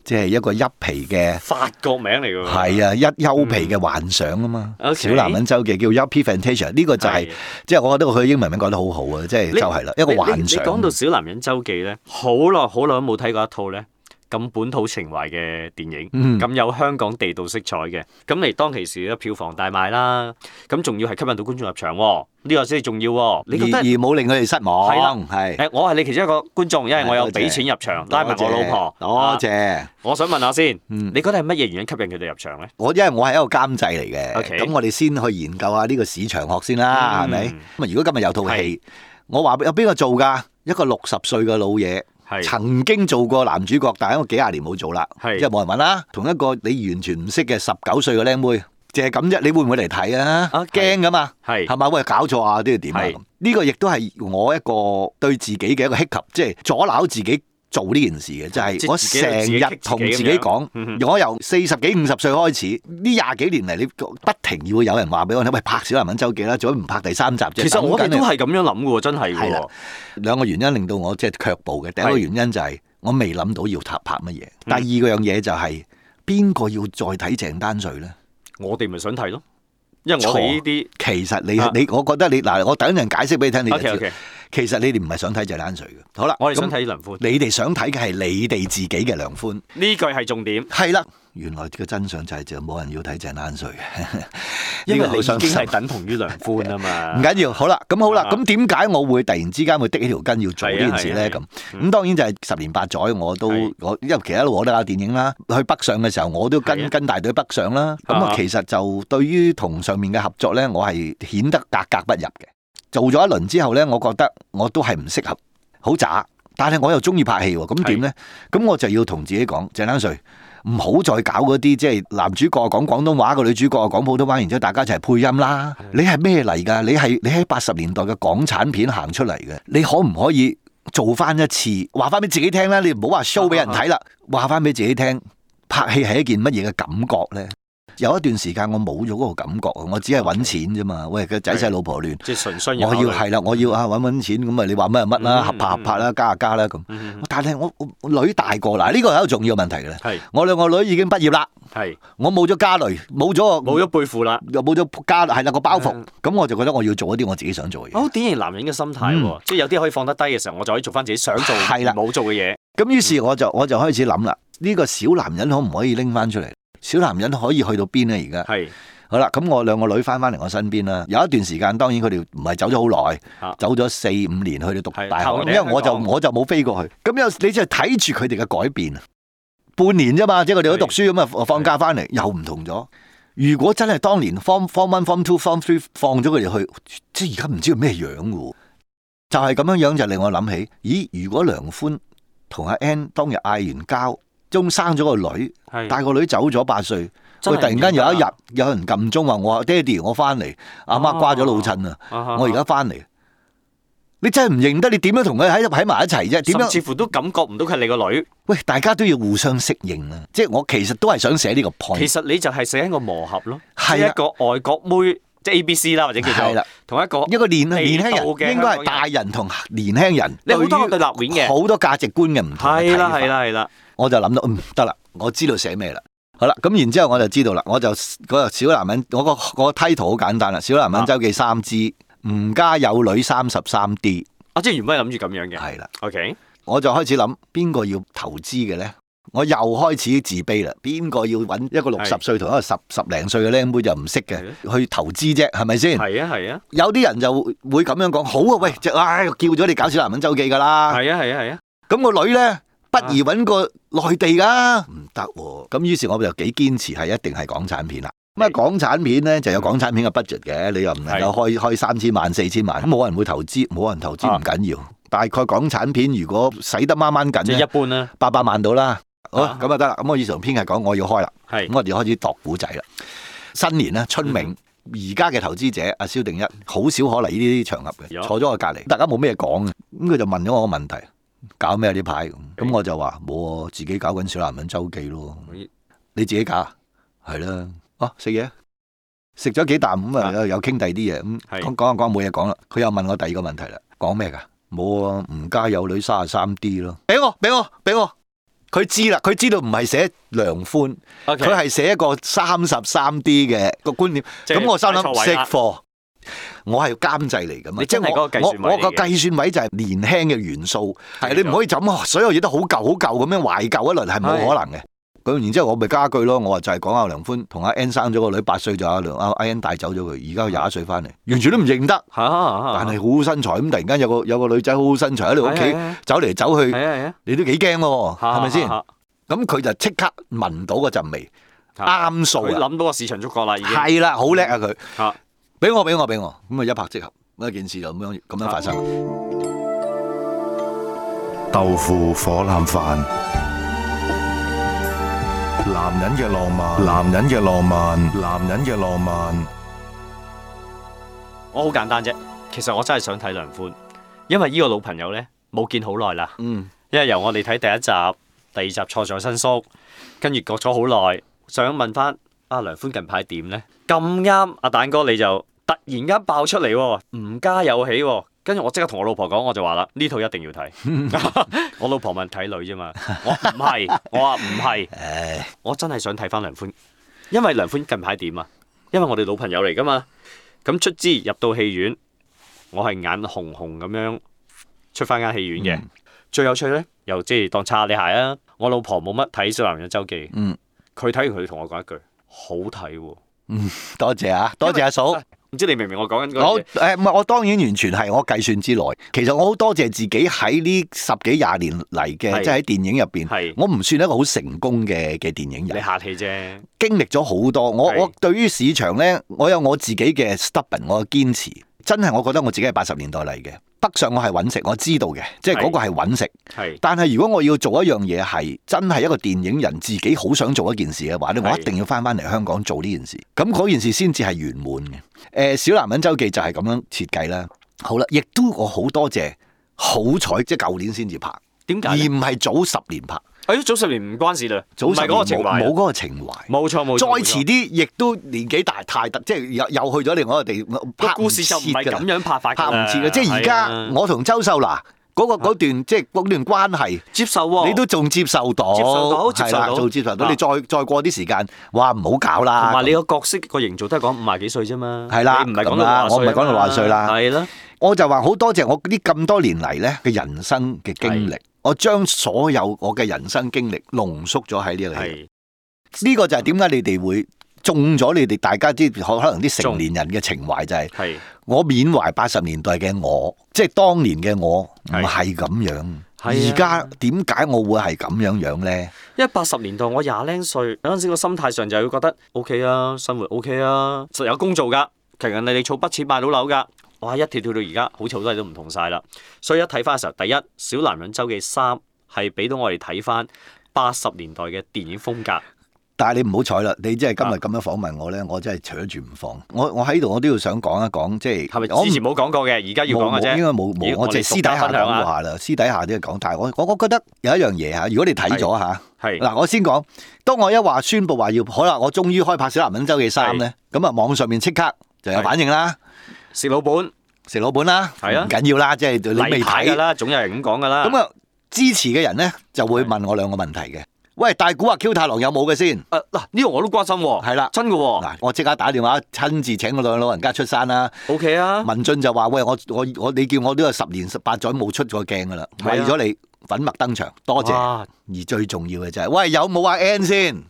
即係一個一皮嘅法國名嚟㗎。係啊，一優皮嘅幻想啊嘛。嗯 okay? 小男人周記叫《Yuppie Fantasia》，呢個就係即係我覺得佢英文名講得好好啊，即係就係、是、啦一個幻想。你講到《小男人周記呢》咧，好耐好耐都冇睇過一套咧。咁本土情懷嘅電影，咁有香港地道色彩嘅，咁嚟當其時咧，票房大賣啦，咁仲要係吸引到觀眾入場，呢個先係重要。你覺得而冇令佢哋失望係？係誒，我係你其中一個觀眾，因為我有俾錢入場，帶埋我老婆。多謝。我想問下先，你覺得係乜嘢原因吸引佢哋入場呢？我因為我係一個監製嚟嘅，咁我哋先去研究下呢個市場學先啦，係咪？咁啊，如果今日有套戲，我話有邊個做噶？一個六十歲嘅老嘢。曾經做過男主角，但係因為幾廿年冇做啦，即係冇人問啦、啊。同一個你完全唔識嘅十九歲嘅靚妹，淨係咁啫。你會唔會嚟睇啊？驚噶、啊、嘛，係咪啊？喂，搞錯啊？都要點啊？呢是、這個亦都係我一個對自己嘅一個 h i 及，即係阻撓自己。做呢件事嘅就係、是、我成日同自己講，我由四十幾五十歲開始，呢廿、嗯嗯、幾年嚟，你不停要有人話俾我聽，喂，拍《小男人周記》啦，做咩唔拍第三集啫？其實我哋都係咁樣諗嘅，真係嘅。係啦，兩個原因令到我即係卻步嘅。第一個原因就係我未諗到要拍拍乜嘢。的第二嗰樣嘢就係邊個要再睇鄭丹瑞咧？嗯、錯我哋咪想睇咯，因為我呢啲其實你、啊、你，我覺得你嗱，我等陣解釋俾你聽。O、okay, okay. 其實你哋唔係想睇鄭丹瑞嘅，好啦，我哋想睇梁寬。你哋想睇嘅係你哋自己嘅梁寬，呢句係重點。係啦，原來個真相就係就冇人要睇鄭丹瑞嘅，因為你已經係。 等同於梁寬啊嘛，唔緊要。好啦，咁好啦，咁點解我會突然之間會的起條筋要做呢件事咧？咁咁、啊啊啊啊嗯、當然就係十年八載，我都我、啊嗯、因為其他一路我都搞電影啦。去北上嘅時候，我都跟、啊、跟大隊北上啦。咁啊，其實就對於同上面嘅合作咧，我係顯得格、格格不入嘅。做咗一輪之後呢，我覺得我都係唔適合，好渣。但係我又中意拍戲喎，咁點呢？咁是我就要同自己講，鄭丹瑞，唔好再搞嗰啲即係男主角講廣東話，個女主角講普通話，然之後大家一齊配音啦的。你係咩嚟㗎？你係你喺八十年代嘅港產片行出嚟嘅，你可唔可以做返一次？話返俾自己聽啦，你唔好話 show 俾 人睇啦，話返俾自己聽，拍戲係一件乜嘢嘅感覺呢？有一段時間我冇咗嗰個感覺，我只係揾錢啫嘛，喂個仔細老婆亂，即係純粹，我要係啦，我要啊揾揾錢咁啊！你話乜就乜啦，合拍合拍啦，加下加啦咁。但係我女大個嗱，呢個係一個重要問題嘅咧。我兩個女已經畢業啦，我冇咗家累，冇咗冇咗背負啦，又冇咗家，係啦個包袱。咁我就覺得我要做一啲我自己想做嘅嘢。好典型男人嘅心態喎，即係有啲可以放得低嘅時候，我就可以做翻自己想做、係啦冇做嘅嘢。咁於是我就我就開始諗啦，呢個小男人可唔可以拎翻出嚟？小男人可以去到邊咧？而家係好啦，咁我兩個女翻翻嚟我身邊啦。有一段時間，當然佢哋唔係走咗好耐，啊、走咗四五年去到讀大學，是因為我就是我就冇是飛過去。咁有你即係睇住佢哋嘅改變啊！半年啫嘛，即係佢哋都讀書咁啊，是放假翻嚟又唔同咗。如果真係當年 form one form two form three 放咗佢哋去，即係而家唔知咩樣喎。就係、是、咁樣樣就令我諗起咦，咦？如果梁寬同阿 Ann 當日嗌完交？中生咗個女，帶個女走咗八歲，佢突然間有一日有人撳鐘話，我爹哋，我翻嚟，阿媽瓜咗老襯啊，我而家翻嚟。你真係唔認得，你點樣同佢喺喺埋一齊啫？點樣似乎都感覺唔到佢係你個女。喂，大家都要互相適應啊。即係我其實都係想寫呢個 point。其實你就係寫一個磨合咯，係一個外國妹，即 A、B、C 啦，或者叫係啦，同一個一個年年輕人應該都係大人同年輕人。你好多對立面嘅，好多價值觀嘅唔同。係啦，係啦，係啦。我就諗到，嗯，得啦，我知道寫咩啦，好啦，咁然之後我就知道啦，我就嗰、那個小男人，我個我個 title 好簡單啦，小男人周記三之，吾家有女三十三 D，啊，即係原本諗住咁樣嘅，係啦的，OK，我就開始諗邊個要投資嘅咧，我又開始自卑啦，邊個要搵一個六十歲同一個十十零歲嘅靚妹就唔識嘅去投資啫，係咪先？係啊係啊，有啲人就會咁樣講，好啊，喂，就唉、呃、叫咗你搞小男人周記噶啦，係啊係啊係啊，咁個女咧。的 ár :問不如揾個內地噶，唔得喎。咁於是我就幾堅持係一定係港產片啦。咁啊，港產片咧就有港產片嘅 budget 嘅，你又唔能夠開開三千萬、四千萬，冇人會投資，冇人投資唔緊要。大概港產片如果使得掹掹緊，一般啦，八百萬到啦。好，咁啊得啦。咁我以上篇係講我要開啦，咁我哋開始度古仔啦。新年啦，春明，而家嘅投資者阿蕭定一好少可嚟呢啲場合嘅，坐咗我隔籬，大家冇咩講嘅，咁佢就問咗我個問題。搞咩啊？呢排咁我就話冇啊，自己搞緊小男人周記咯。你自己搞係啦。啊食嘢食咗幾啖咁啊，又傾第啲嘢咁講一講冇嘢講啦。佢又問我第二個問題啦，講咩噶？冇啊，吳家有女三十三 D 咯。俾我，俾我，俾我。佢知啦，佢知道唔係寫梁寬，佢係寫一個三十三 D 嘅個觀念。咁我心諗識貨。我係要監製嚟噶嘛，即係我我個計算位就係年輕嘅元素，係你唔可以咁，所有嘢都好舊好舊咁樣懷舊一輪係冇可能嘅。咁然之後我咪加句咯，我就係講阿梁寬同阿 N 生咗個女，八歲就阿梁阿 N 帶走咗佢，而家廿一歲翻嚟，完全都唔認得。但係好身材咁，突然間有個有個女仔好好身材喺你屋企走嚟走去，你都幾驚喎，係咪先？咁佢就即刻聞到嗰陣味，啱數，佢諗到個市場觸角啦，已經係啦，好叻啊佢。俾我俾我俾我，咁啊一拍即合，一件事就咁樣咁樣發生。豆腐火腩飯，男人嘅浪漫，男人嘅浪漫，男人嘅浪漫。我好簡單啫，其實我真係想睇梁寬，因為呢個老朋友呢，冇見好耐啦。嗯，因為由我哋睇第一集、第二集錯上新宿，跟住隔咗好耐，想問翻。阿、啊、梁寬近排點呢？咁啱，阿蛋哥你就突然間爆出嚟，吳家有喜、啊，跟住我即刻同我老婆講，我就話啦，呢套一定要睇。 我老婆問睇女啫嘛，我唔係，我話唔係，我真係想睇翻梁寬，因為梁寬近排點啊？因為我哋老朋友嚟噶嘛，咁出資入到戲院，我係眼紅紅咁樣出翻間戲院嘅。嗯、最有趣呢，又即係當擦你鞋啊！我老婆冇乜睇《小男人周記》，嗯，佢睇完佢同我講一句。好睇。哦，嗯，多謝啊，多謝阿、啊、為嫂子。唔知你明唔明我講緊嗰啲我誒，唔、哎、係，我當然完全係我計算之內。其實我好多謝自己喺呢十幾廿年嚟嘅，即係喺電影入邊，是我唔算一個好成功嘅嘅電影人。你客氣啫，經歷咗好多。我是我對於市場咧，我有我自己嘅 stubborn，我嘅堅持。真係我覺得我自己係八十年代嚟嘅。北上我係揾食，我知道嘅，即係嗰個係揾食。係，但係如果我要做一樣嘢係真係一個電影人自己好想做一件事嘅話咧，是我一定要翻翻嚟香港做呢件事，咁嗰件事先至係圓滿嘅。誒、呃，小男人周記就係咁樣設計啦。好啦，亦都我好多謝，好彩即係舊年先至拍，點解而唔係早十年拍？哎呀，早十年唔關事啦，唔係嗰個情懷，冇嗰個情懷，冇錯冇錯。再遲啲，亦都年紀大，太突，即係又又去咗另外一個地，拍故事就唔係咁樣拍法，拍唔切嘅。即係而家我同周秀娜嗰個段，即係段關係，接受喎，你都仲接受到，接受到，接受到，接受到。你再再過啲時間，哇，唔好搞啦。同埋你個角色個營造都係講五廿幾歲啫嘛，係啦，唔係啦，我唔係講到話歲啦，係咯，我就話好多謝我啲咁多年嚟咧嘅人生嘅經歷。我將所有我嘅人生經歷濃縮咗喺呢度。戲是，呢個就係點解你哋會中咗你哋大家啲可能啲成年人嘅情懷就係、是，是我緬懷八十年代嘅我，即、就、係、是、當年嘅我唔係咁樣，而家點解我會係咁樣樣咧？因為八十年代我廿零歲，有陣時個心態上就會覺得 O、OK、K 啊，生活 O、OK、K 啊，實有工做㗎，勤勤力力儲筆錢買到樓㗎。哇！一跳跳到而家，好似好多嘢都唔同晒啦。所以一睇翻嘅時候，第一《小男人周記三》係俾到我哋睇翻八十年代嘅電影風格。但係你唔好彩啦，你真係今日咁樣訪問我咧，我真係扯住唔放。我我喺度，我都要想講一講，即係之前冇講過嘅，而家要講嘅啫。應該冇冇，我即係私底下講話啦。私底下都要講，但係我我覺得有一樣嘢嚇，如果你睇咗嚇，係嗱，我先講。當我一話宣佈話要好啦，我終於開拍《小男人周記三》咧，咁啊，網上面即刻就有反應啦。食老本，食老本啦，係啊，唔緊要啦，即係你未睇噶啦，總有人咁講噶啦。咁啊，支持嘅人咧就會問我兩個問題嘅。的喂，大古呀、啊、Q 太郎有冇嘅先？誒、啊，嗱，呢個我都關心、啊。係啦的，真嘅、啊。嗱、啊，我即刻打電話親自請嗰兩位老人家出山啦。O K 啊。Okay、啊文俊就話：喂，我我我，你叫我都有十年十八載冇出過鏡噶啦，為咗的你粉墨登場，多謝。哇而最重要嘅就係、是，喂，有冇阿、啊、N 先？啊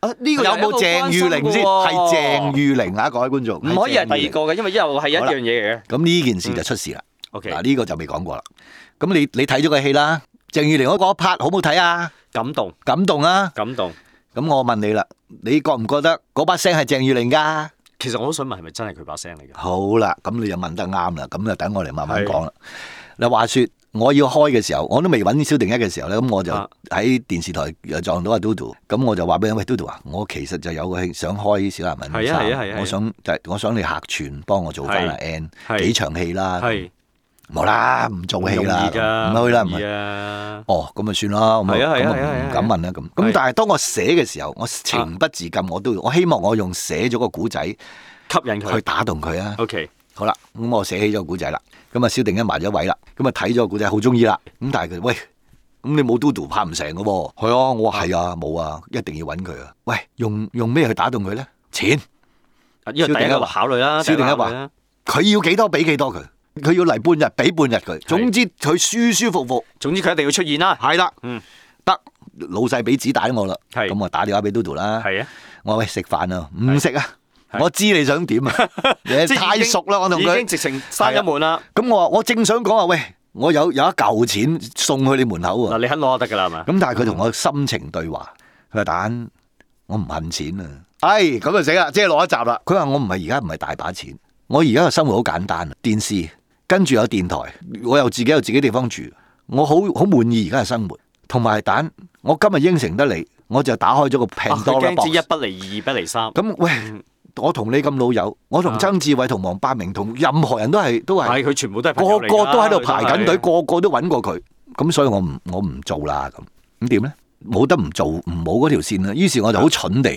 啊！呢個有冇鄭裕玲先？係鄭裕玲啊！各位觀眾，唔可以係第二個嘅，因為一路係一樣嘢嘅。咁呢件事就出事啦、嗯。OK，嗱呢個就未講過啦。咁你你睇咗個戲啦？鄭裕玲嗰嗰 part 好唔好睇啊？感動，感動啊！感動。咁我問你啦，你覺唔覺得嗰把聲係鄭裕玲噶？其實我都想問是是，係咪真係佢把聲嚟嘅？好啦，咁你就問得啱啦，咁就等我哋慢慢講啦。嗱的，話說。我要開嘅時候，我都未揾蕭定一嘅時候咧，咁我就喺電視台又撞到阿嘟嘟。d 咁我就話俾佢，喂，嘟嘟啊，我其實就有個戲，想開小男人，我想就係我想你客串幫我做翻阿 N 幾場戲啦。冇啦，唔做戲啦，唔去啦，唔去啦。哦，咁咪算啦，咁咪唔敢問啦，咁。咁但係當我寫嘅時候，我情不自禁，我都我希望我用寫咗個古仔吸引佢，去打動佢啊。OK，好啦，咁我寫起咗個古仔啦。咁啊，蕭定一埋咗位啦，咁啊睇咗個古仔好中意啦，咁但係佢喂，咁你冇嘟嘟拍唔成噶喎？係啊，我話係啊，冇啊，一定要揾佢啊！喂，用用咩去打動佢咧？錢？蕭定一話考慮啦，蕭定一話佢要幾多俾幾多佢，佢要嚟，半日俾半日佢，總之佢舒舒服服，總之佢一定要出現啦。係啦，嗯，得老細俾紙打我啦，咁我打電話俾嘟嘟啦。係啊，我話喂，食飯啊，唔食啊。我知你想點啊！你太熟啦，我同佢已經直情閂咗門啦。咁、啊、我我正想講話，喂，我有有一嚿錢送去你門口喎、啊。嗱、嗯，你肯攞就得㗎啦，係嘛？咁但係佢同我心情對話，佢話、嗯：蛋，我唔恨錢啊。唉、哎，咁就死啦，即係攞一集啦。佢話： 我唔係而家唔係大把錢，我而家嘅生活好簡單啊。電視跟住有電台，我又自己有自己地方住，我好好，好滿意而家嘅生活。同埋蛋，我今日應承得你，我就打開咗個 Pandora box。之一不離二,二不離三咁喂。 我同你咁老友，我同曾志偉同黃百鳴同任何人都係都係，佢全部都係，個個都喺度排緊隊，的個個都揾過佢，咁所以我唔我唔做啦咁，咁點咧？冇得唔做，唔冇嗰條線啦。於是我就好蠢地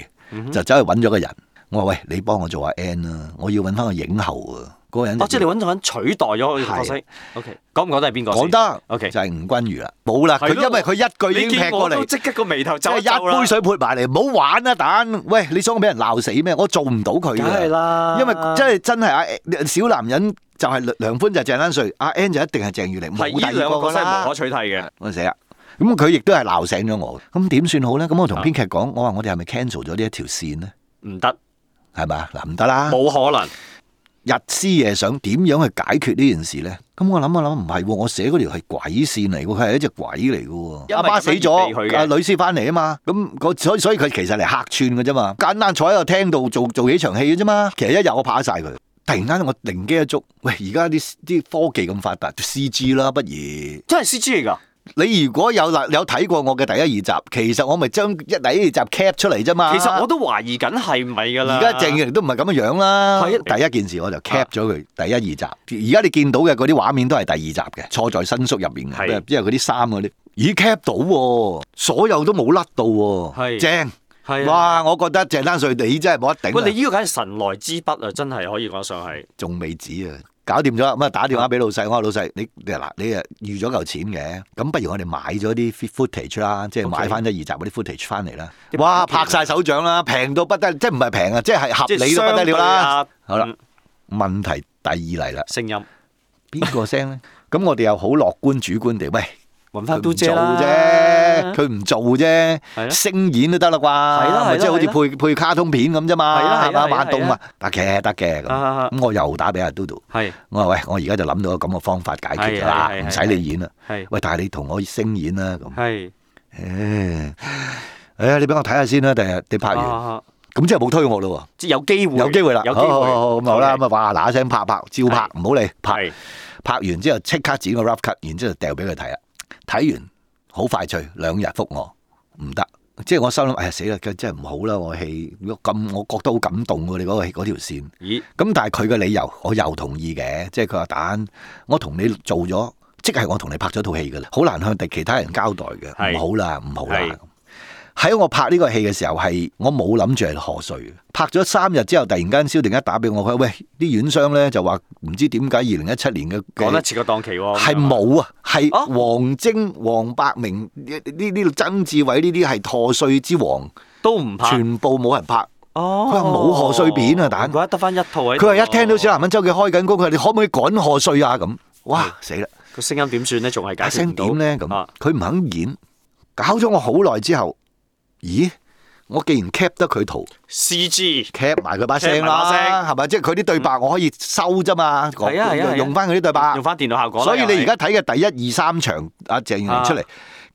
就走去揾咗個人，我話喂，你幫我做下 N 啦，我要揾翻個影后啊！我即係你搵個人取代咗佢角色，OK，講唔講得係邊個？講得，OK，就係吳君如啦，冇啦。佢因為佢一句已經劈過嚟，即刻個眉頭皺咗，一杯水潑埋嚟，唔好玩啊，蛋！喂，你想我俾人鬧死咩？我做唔到佢，梗係啦，因為即係真係啊，小男人就係梁寬就鄭丹瑞。阿 N 就一定係鄭裕玲，係呢兩個角色，唔可取替嘅。我死啦！咁佢亦都係鬧醒咗我，咁點算好咧？咁我同編劇講，我話我哋係咪 cancel 咗呢一條線咧？唔得，係咪？嗱，唔得啦，冇可能。日思夜想，點樣去解決呢件事咧？咁我諗啊諗，唔係，我寫嗰條係鬼線嚟喎，佢係一隻鬼嚟嘅。阿爸死咗，阿女士翻嚟啊嘛。咁所以所以佢其實嚟客串嘅啫嘛，簡單坐喺個廳度做做，做幾場戲嘅啫嘛。其實一日我拍晒佢，突然間我靈機一觸，喂！而家啲啲科技咁發達就，C G 啦，不如真係 C G 嚟㗎。你如果有啦有睇過我嘅第一二集，其實我咪將一第一二集 cap 出嚟啫嘛。其實我懷是是都懷疑緊係唔係噶啦。而家鄭月玲都唔係咁樣樣啦。的第一件事我就 cap 咗佢第一二集，而家、啊、你見到嘅嗰啲畫面都係第二集嘅，錯在新宿入邊嘅，的因為嗰啲衫嗰啲。咦，cap 到喎，所有都冇甩到喎，的正哇的！我覺得鄭丹瑞你真係冇得頂。你呢個梗係神來之筆啊，真係可以講上係。仲未止啊！搞掂咗，咁啊，打電話俾老細，的我話老細你，嗱你啊預咗夠錢嘅，咁不如我哋買咗啲 footage 啦，Okay. 即係買翻一二集嗰啲 footage 翻嚟啦。Okay. 哇，拍晒手掌啦，平到不得，即係唔係平啊，即係合理到不得了啦。了啊、好啦了，嗯、問題第二嚟啦。任聲音邊個聲咧？咁 我哋又好樂觀主觀地喂。佢唔做啫，佢唔做啫，聲演都得啦啩，咪即係好似配配卡通片咁啫嘛，係嘛玩動作，得嘅，得嘅咁。咁我又打俾阿嘟嘟，d 我話喂，我而家就諗到個咁嘅方法解決啦，唔使你演啦。喂，但係你同我聲演啦咁。係，誒，誒，你俾我睇下先啦。第日你拍完，咁即係冇推我咯喎，即係有機會，有機會啦。好好好，咁好啦，咁啊哇嗱嗱聲拍拍，照拍唔好理，拍，拍完之後即刻剪個 rough cut，然之後掉俾佢睇啦。睇完好快脆，兩日覆我唔得，即係我心諗，哎呀死啦，佢真係唔好啦，我戲咁，我覺得好感動喎，你嗰個嗰條線，咁咦但係佢嘅理由，我又同意嘅，即係佢話，但我同你做咗，即係我同你拍咗套戲噶啦，好難向第其他人交代嘅，唔是好啦，唔好啦。是喺我拍呢個戲嘅時候，係我冇諗住係賀歲。拍咗三日之後，突然間蕭定一打俾我，佢喂啲院商咧就話唔知點解二零一七年嘅講得似個檔期係冇啊，係王晶、黃百鳴呢呢度、曾志偉呢啲係賀歲之王，都唔拍，全部冇人拍。佢話冇賀歲片啊，但係得翻一套佢話一聽到小男人周記開緊工，佢話你可唔可以趕賀歲啊？咁哇死啦！個聲音點算咧？仲係解決唔到咧？咁佢唔肯演，搞咗我好耐之後。咦，我既然 cap 得佢圖，C G，cap 埋佢把聲啦，係咪 CG,？即係佢啲對白，我可以收啫嘛。係啊，啊，啊，啊，用翻佢啲對白，用翻電腦效果。所以你而家睇嘅第一二三場，阿鄭耀南出嚟，啊、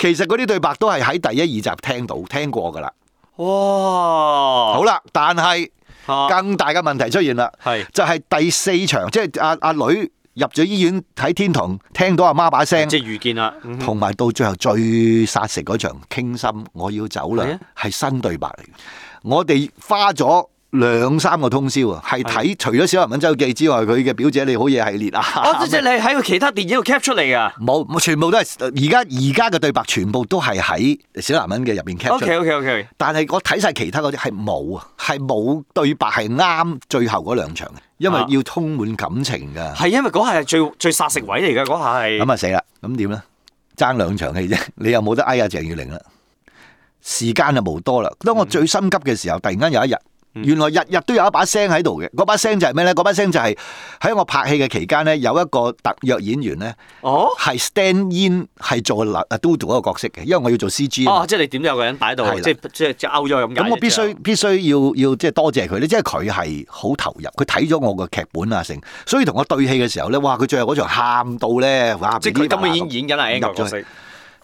其實嗰啲對白都係喺第一二集聽到聽過噶啦。哇，好啦，但係更大嘅問題出現啦，啊、就係第四場，即係阿阿女。入咗醫院睇天堂，聽到阿媽把聲，即係預見啦。同、嗯、埋到最後最殺食嗰場傾心，我要走啦，係的新對白嚟。我哋花咗，兩三個通宵啊，係睇是的 除咗《小男人周記》之外，佢嘅表姐你好嘢系列啊。哦，即係麼你喺其他電影度 c a p 出嚟啊，冇，全部都係而家而家嘅對白，全部都係喺《小男人》嘅入邊 c a p。O K，O K，O K。但係我睇晒其他嗰啲係冇啊，係冇對白，係啱最後嗰兩場嘅，因為要充滿感情噶。係、啊、因為嗰下係最最殺食位嚟噶，嗰下係咁啊！死啦，咁點咧？爭兩場戲啫，你又冇得哎呀鄭月玲啦，時間就冇多啦。當我最心急嘅時候，突然間有一日。原來日日都有一把聲喺度嘅，嗰把聲就係咩咧？嗰把聲就係喺我拍戲嘅期間咧，有一個特約演員咧，哦，係 stand in 係做阿 Dodo 個角色嘅，因為我要做 C G 哦，即係你點有個人擺喺度，即係即係即係 out 咗咁。咁我必須後必須要要即係多謝佢，即係佢係好投入，佢睇咗我個劇本啊成，所以同我對戲嘅時候咧，哇，佢最後嗰場喊到咧，即係佢今晚演演緊係，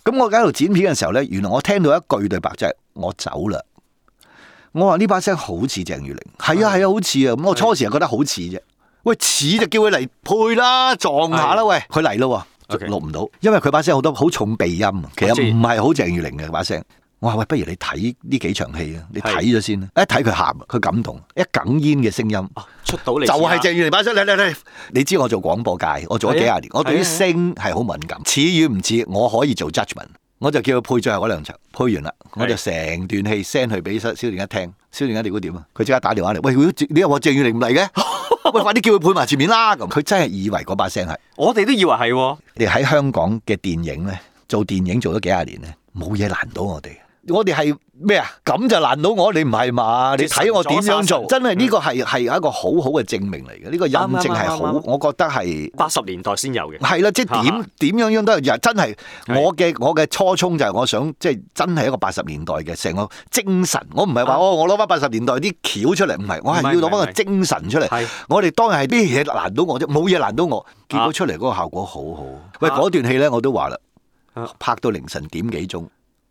咁我喺度剪片嘅時候咧，原來我聽到一句對白就係、是、我走啦。我話呢把聲好似鄭裕玲，係啊係啊，好似啊。咁我初時係覺得好似啫。喂，似就叫佢嚟配啦，撞下啦。喂，佢嚟咯，錄唔到，因為佢把聲好多好重鼻音，其實唔係好鄭裕玲嘅把聲。我話喂，不如你睇呢幾場戲啊，你睇咗先啦。一睇佢喊，佢感動，一哽咽嘅聲音出到嚟，就係鄭裕玲把聲。你你你，你知我做廣播界，我做咗幾廿年，我對於聲係好敏感，似與唔似，我可以做 judgment。我就叫佢配最後嗰兩場，配完啦，是的 我就成段戲 send 去俾蕭連一聽，蕭連一點啊？佢即刻打電話嚟，喂，你你話鄭裕玲唔嚟嘅？ 喂，快啲叫佢配埋前面啦。咁佢真係以為嗰把聲係，我哋都以為係、哦。你喺香港嘅電影咧，做電影做咗幾廿年咧，冇嘢難到我哋。我哋係咩啊？咁就難到我，你唔係嘛？你睇我點樣做？真係呢個係係一個好好嘅證明嚟嘅，呢個印證係好。我覺得係八十年代先有嘅。係啦，即係點點樣樣都有真係。我嘅我嘅初衷就係我想，即係真係一個八十年代嘅成個精神。我唔係話我我攞翻八十年代啲橋出嚟，唔係，我係要攞翻個精神出嚟。我哋當日係啲嘢難到我啫？冇嘢難到我。結果出嚟嗰個效果好好。喂，嗰段戲咧，我都話啦，拍到凌晨點幾鐘。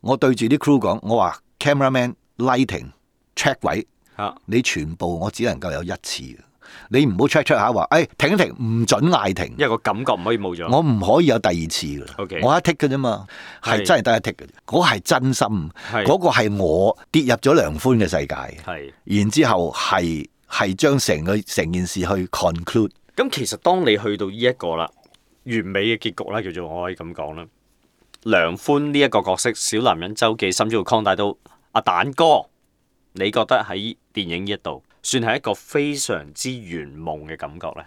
我對住啲 crew 講，我話 camera man、lighting、check 位，啊、你全部我只能夠有一次，你唔好 check check 下話，哎，停一停，唔准嗌停，因為個感覺唔可以冇咗，我唔可以有第二次嘅，okay，我一 take 嘅啫嘛，係真係得一 take 嘅，嗰係是真心，嗰是個係我跌入咗良歡嘅世界，係是，然之後係係將成個成件事去 conclude。咁其實當你去到呢一個啦，完美嘅結局啦，叫做我可以咁講啦。梁寬呢一個角色，小男人周記，甚至乎擴大到阿蛋哥，你覺得喺電影呢一度算係一個非常之圓夢嘅感覺呢？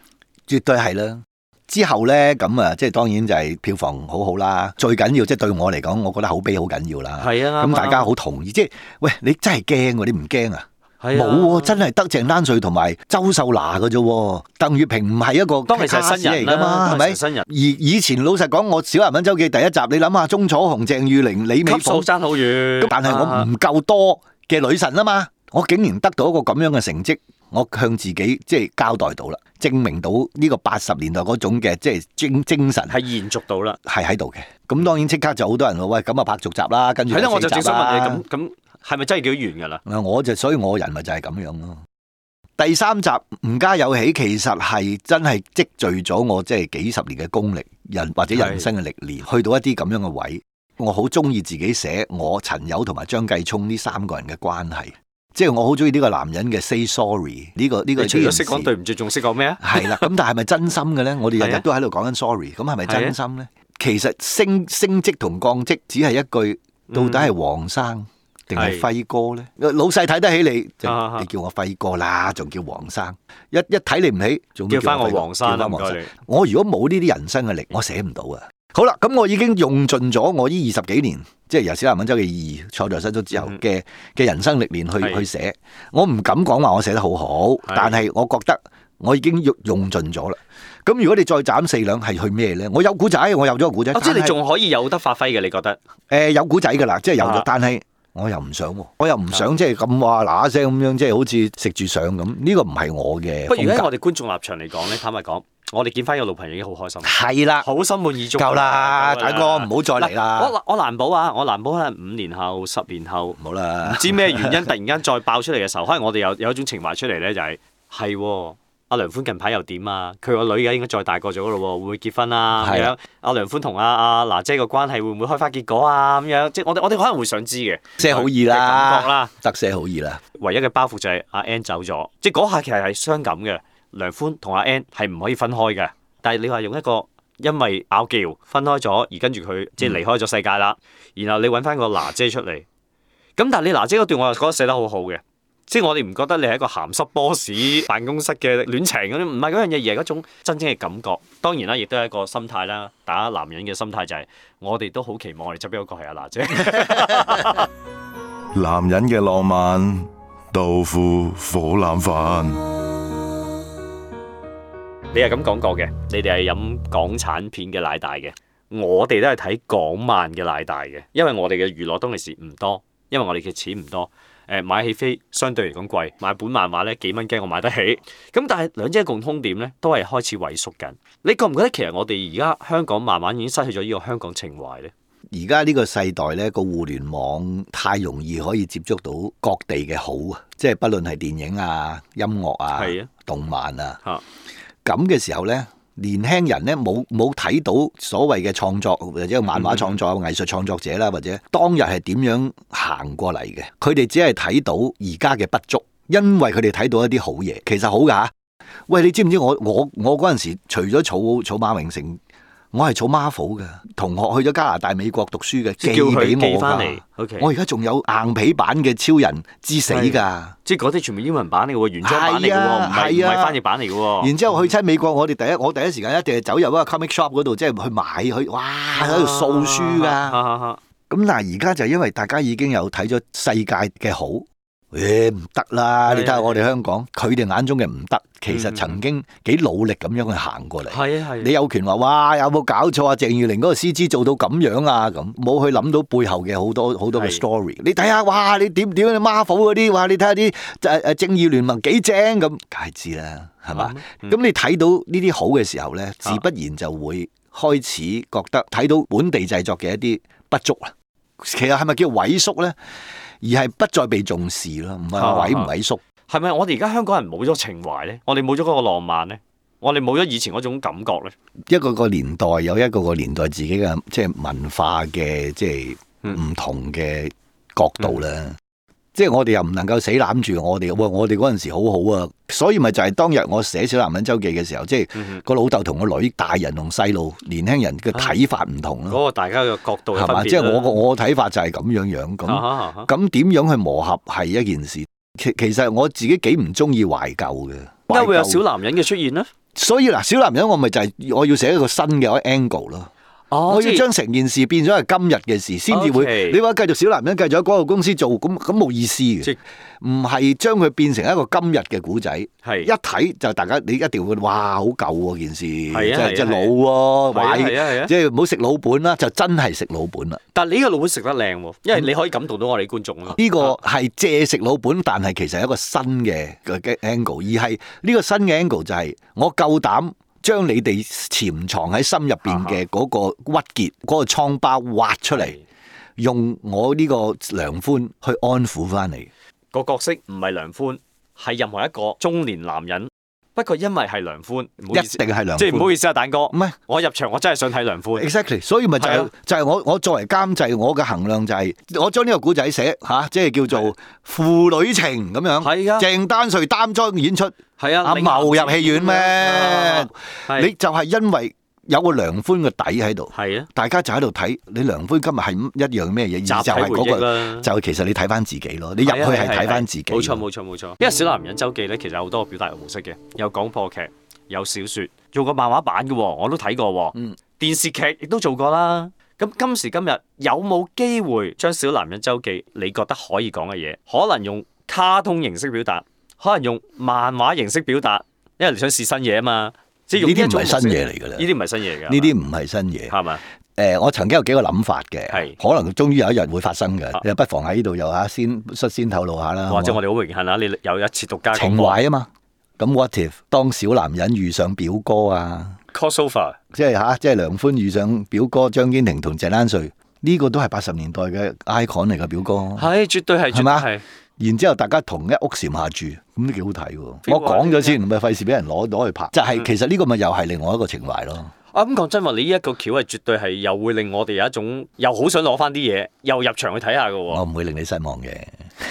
絕對係啦！之後呢，咁啊，即係當然就係票房好好啦。最緊要即係對我嚟講，我覺得口碑好緊要啦。係啊，咁大家好同意，啊、即係喂，你真係驚，你唔驚啊？冇喎、啊，真係得鄭丹瑞同埋周秀娜嘅啫、啊，鄧月平唔係一個，個、啊、當係新嘢嚟噶嘛，係咪？新人而以前老實講，我《小人物周記》第一集，你諗下鍾楚紅、鄭裕玲、李美鳳爭好遠，但係我唔夠多嘅女神啊嘛，啊我竟然得到一個咁樣嘅成績，我向自己即係交代到啦，證明到呢個八十年代嗰種嘅即係精精神係延續到啦，係喺度嘅。咁當然即刻就好多人話喂，咁啊拍續集啦，跟住係啦，我就整新乜嘢咁咁。係咪真係叫完噶啦？是是我，我就所以，我人咪就係咁樣咯。第三集吾家有喜，其實係真係積聚咗我即係幾十年嘅功力人或者人生嘅歷練，去到一啲咁樣嘅位，我好中意自己寫我陳友同埋張繼聰呢三個人嘅關係，即係我好中意呢個男人嘅 say sorry 呢個呢個呢個。識講對唔住，仲識講咩啊？係啦，咁但係係咪真心嘅咧？我哋日日都喺度講緊 sorry，咁係咪真心咧？其實升升職同降職只係一句，到底係黃生，定係輝哥咧，老細睇得起你，就你叫我輝哥啦，仲叫黃生。一一睇你唔起，仲叫翻我黃生。唔該。我如果冇呢啲人生嘅力，我寫唔到啊。好啦，咁我已經用盡咗我呢二十幾年，即係由小南文州嘅意二坐作失足之後嘅嘅人生歷練去、嗯、哼去寫。我唔敢講話我寫得好好，是但係我覺得我已經用用盡咗啦。咁是如果你再斬四兩，係去咩咧？我有古仔，我有咗個古仔。即係你仲可以有得發揮嘅，你覺得？誒、呃，有古仔噶啦，即係有咗，啊、但係。我又唔想喎、哦，我又唔想即係咁哇嗱嗱聲咁樣，即係好似食住上咁。呢個唔係我嘅。不如果我哋觀眾立場嚟講咧，坦白講，我哋見翻一個老朋友已經好開心。係啦，好心滿意足。夠啦，大哥唔好再嚟啦。我我難保啊，我難保可能五年後、十年後，唔好啦。唔知咩原因突然間再爆出嚟嘅時候，可能我哋有有一種情懷出嚟咧、就係，就係係。阿梁寬近排又點啊？佢個女而家應該再大個咗咯喎，會唔會結婚啊？係啊，阿梁寬同阿阿娜姐個關係，會唔會開花結果啊？咁樣，即係我哋我哋可能會想知嘅。得寫好易啦，得寫好易啦。唯一嘅包袱就係阿 Ann 走咗，即係嗰下其實係傷感嘅。梁寬同阿 Ann 係唔可以分開嘅，但係你話用一個因為拗撬分開咗而跟住佢即係離開咗世界啦，嗯、然後你揾翻個娜姐出嚟。咁但係你娜姐嗰段我又覺得寫得好好嘅。即係我哋唔覺得你係一個鹹濕 boss 辦公室嘅戀情咁，唔係嗰樣嘢，而係嗰種真正嘅感覺。當然啦，亦都係一個心態啦。打男人嘅心態就係、是，我哋都好期望我哋執邊一個係阿娜姐。 男人嘅浪漫，豆腐火腩飯。你係咁講過嘅，你哋係飲港產片嘅奶大嘅，我哋都係睇港漫嘅奶大嘅，因為我哋嘅娛樂當力時唔多，因為我哋嘅錢唔多。誒買戲飛相對嚟講貴，買本漫畫咧，幾蚊雞我買得起。咁但係兩者共通點咧，都係開始萎縮緊。你覺唔覺得其實我哋而家香港慢慢已經失去咗呢個香港情懷咧？而家呢個世代咧，個互聯網太容易可以接觸到各地嘅好啊，即係不論係電影啊、音樂啊、啊動漫啊，咁嘅、啊、時候咧。年輕人呢，冇冇睇到所謂嘅創作或者漫畫創作藝術創作者啦，或者當日係點樣行過嚟嘅？佢哋只係睇到而家嘅不足，因為佢哋睇到一啲好嘢，其實好㗎。喂，你知唔知我我我嗰陣時除咗草草馬榮成？我係儲 Marvel 嘅同學去咗加拿大美國讀書嘅寄俾我噶，我而家仲有硬皮版嘅超人之死噶，即係嗰啲全部英文版嚟嘅，原裝版嚟嘅，唔係唔係翻譯版嚟嘅。然之後去親美國，我哋第一我第一時間一定係走入一個 comic shop 嗰度，即係去買佢，哇喺度掃書噶。咁嗱，而家就因為大家已經有睇咗世界嘅好。誒唔得啦！是是是你睇下我哋香港，佢哋眼中嘅唔得，其實曾經幾努力咁樣去行過嚟。係啊係。你有權話：哇，有冇搞錯啊？鄭裕玲嗰個 CG 做到咁樣啊？咁冇去諗到背後嘅好多好多嘅 story。是是 你睇下，哇！你點點你 Marvel 嗰啲，哇！你睇下啲誒誒，正義聯盟幾正咁。梗係知啦，係嘛？咁、啊、你睇到呢啲好嘅時候咧，自不然就會開始覺得睇到本地製作嘅一啲不足啦。其實係咪叫萎縮咧？而係不再被重視咯，唔係話萎唔萎縮，係咪我哋而家香港人冇咗情懷咧？我哋冇咗嗰個浪漫咧？我哋冇咗以前嗰種感覺咧？一個個年代有一個個年代自己嘅即係文化嘅即係唔同嘅角度咧。嗯 即係我哋又唔能夠死攬住我哋、哎，我哋嗰陣時好好啊，所以咪就係當日我寫小男人周記嘅時候，即係個、嗯、哼老豆同個女、大人同細路、年輕人嘅睇法唔同啦。嗰個大家嘅角度係嘛？即、啊、係、啊啊啊啊就是、我個我睇法就係咁樣樣咁，咁點樣，啊啊啊啊樣去磨合係一件事。其其實我自己幾唔中意懷舊嘅。點解會有小男人嘅出現啦。所以嗱，小男人我咪就係我要寫一個新嘅一個 angle 咯。哦、我要將成件事變咗係今日嘅事，先至會。Okay. 你話繼續小男人，繼續喺嗰個公司做，咁咁冇意思嘅。唔係將佢變成一個今日嘅古仔，係是一睇就大家你一定會哇，好舊喎件事，即係即係老喎、啊，即係唔好食老本啦，就真係食老本啦。但係你呢個老本食得靚，因為你可以感動到我哋觀眾咯。呢、嗯這個係借食老本，但係其實係一個新嘅嘅 angle，而係呢、這個新嘅 angle 就係、是、我夠膽。將你哋潛藏喺心入邊嘅嗰個鬱結、嗰個瘡疤挖出嚟，的用我呢個梁寬去安撫翻嚟。個角色唔係梁寬，係任何一個中年男人。不過因為係梁寬，唔好意思一定係梁寬，即係唔好意思啊，蛋哥。唔係是我入場，我真係想睇梁寬。Exactly，所以咪就係，啊、就係我我作為監製我制，我嘅衡量就係我將呢個古仔寫吓、啊，即係叫做父女情咁樣。係啊，鄭丹瑞擔正演出，係啊，阿茂、啊、行入戲院咩？啊啊啊、你就係因為。有個梁寬嘅底喺度，啊、大家就喺度睇你梁寬今日係一樣咩嘢？集體回憶啦，就係其實你睇翻自己咯，啊、你入去係睇翻自己。冇錯冇錯冇錯，錯因為《小男人周記》呢，其實有好多個表達模式嘅，有廣播劇，有小説，做過漫畫版嘅，我都睇過。嗯，電視劇亦都做過啦。咁、嗯、今時今日有冇機會將《小男人周記》你覺得可以講嘅嘢，可能用卡通形式表達，可能用漫畫形式表達，因為你想，想試新嘢啊嘛。呢啲唔係新嘢嚟㗎喇，呢啲唔係新嘢㗎，呢啲唔係新嘢，係嘛？誒，我曾經有幾個諗法嘅，的可能終於有一日會發生嘅，的不妨喺呢度又下先，先透露下啦。或者、啊、的我哋好榮幸啊，你有一次獨家嘅情懷啊嘛。咁 what if 當小男人遇上表哥啊？Crossover 即係吓？即係梁寬遇上表哥張堅庭同謝丹瑞。呢、這個都係八十年代嘅 icon 嚟嘅表哥，係絕對係，係嘛？然之後，大家同一屋檐下住，咁都幾好睇喎。話我講咗先，唔係費事俾人攞攞去拍。就係、是嗯、其實呢個咪又係另外一個情懷咯。啊、嗯，咁講真話，你呢一個橋係絕對係又會令我哋有一種又好想攞翻啲嘢，又入場去睇下㗎喎。我唔會令你失望嘅。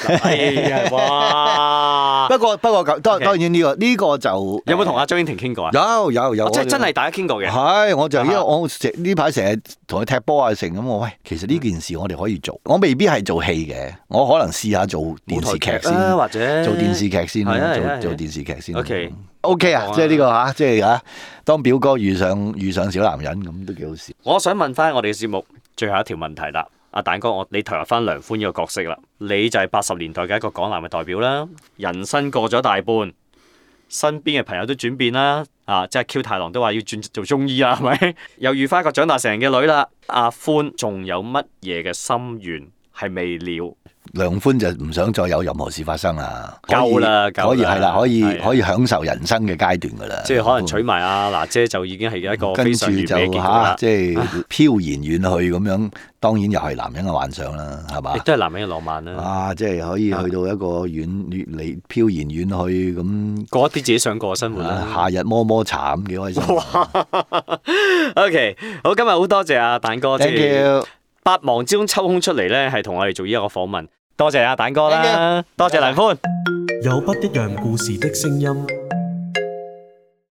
係啊！哇！不過不過咁，都當然呢個呢個就有冇同阿張英婷傾過啊？有有有，即係真係大家傾過嘅。係，我就因為我呢排成日同佢踢波啊，成咁我喂，其實呢件事我哋可以做，我未必係做戲嘅，我可能試下做電視劇先，或者做電視劇先，做做電視劇先。O K O K 啊，即係呢個吓，即係吓，當表哥遇上遇上小男人咁都幾好笑。我想問翻我哋嘅節目最後一條問題啦。阿蛋哥，我你投入翻梁寬呢個角色啦，你就係八十年代嘅一個港男嘅代表啦，人生過咗大半，身邊嘅朋友都轉變啦，啊，即係 Q 太郎都話要轉做中醫啦，係咪？又遇翻一個長大成人嘅女啦，阿、啊、寬仲有乜嘢嘅心願係未了？梁歡就唔想再有任何事發生啦，夠啦，可以係啦，可以的可以享受人生嘅階段噶啦，即係可能娶埋阿娜姐就已經係一個跟住就美、啊、即係飄唉然遠去咁樣，當然又係男人嘅幻想啦，係嘛，亦都係男人嘅浪漫啦，啊，即係可以去到一個遠離飄然遠去咁過一啲自己想過嘅生活啦、啊，夏日摸摸茶咁幾開心 ，OK，好，今日好多謝阿蛋哥，thank you。百忙之中抽空出嚟咧，係同我哋做呢一個訪問，多謝阿、啊、蛋哥啦，謝謝，多謝梁歡。有不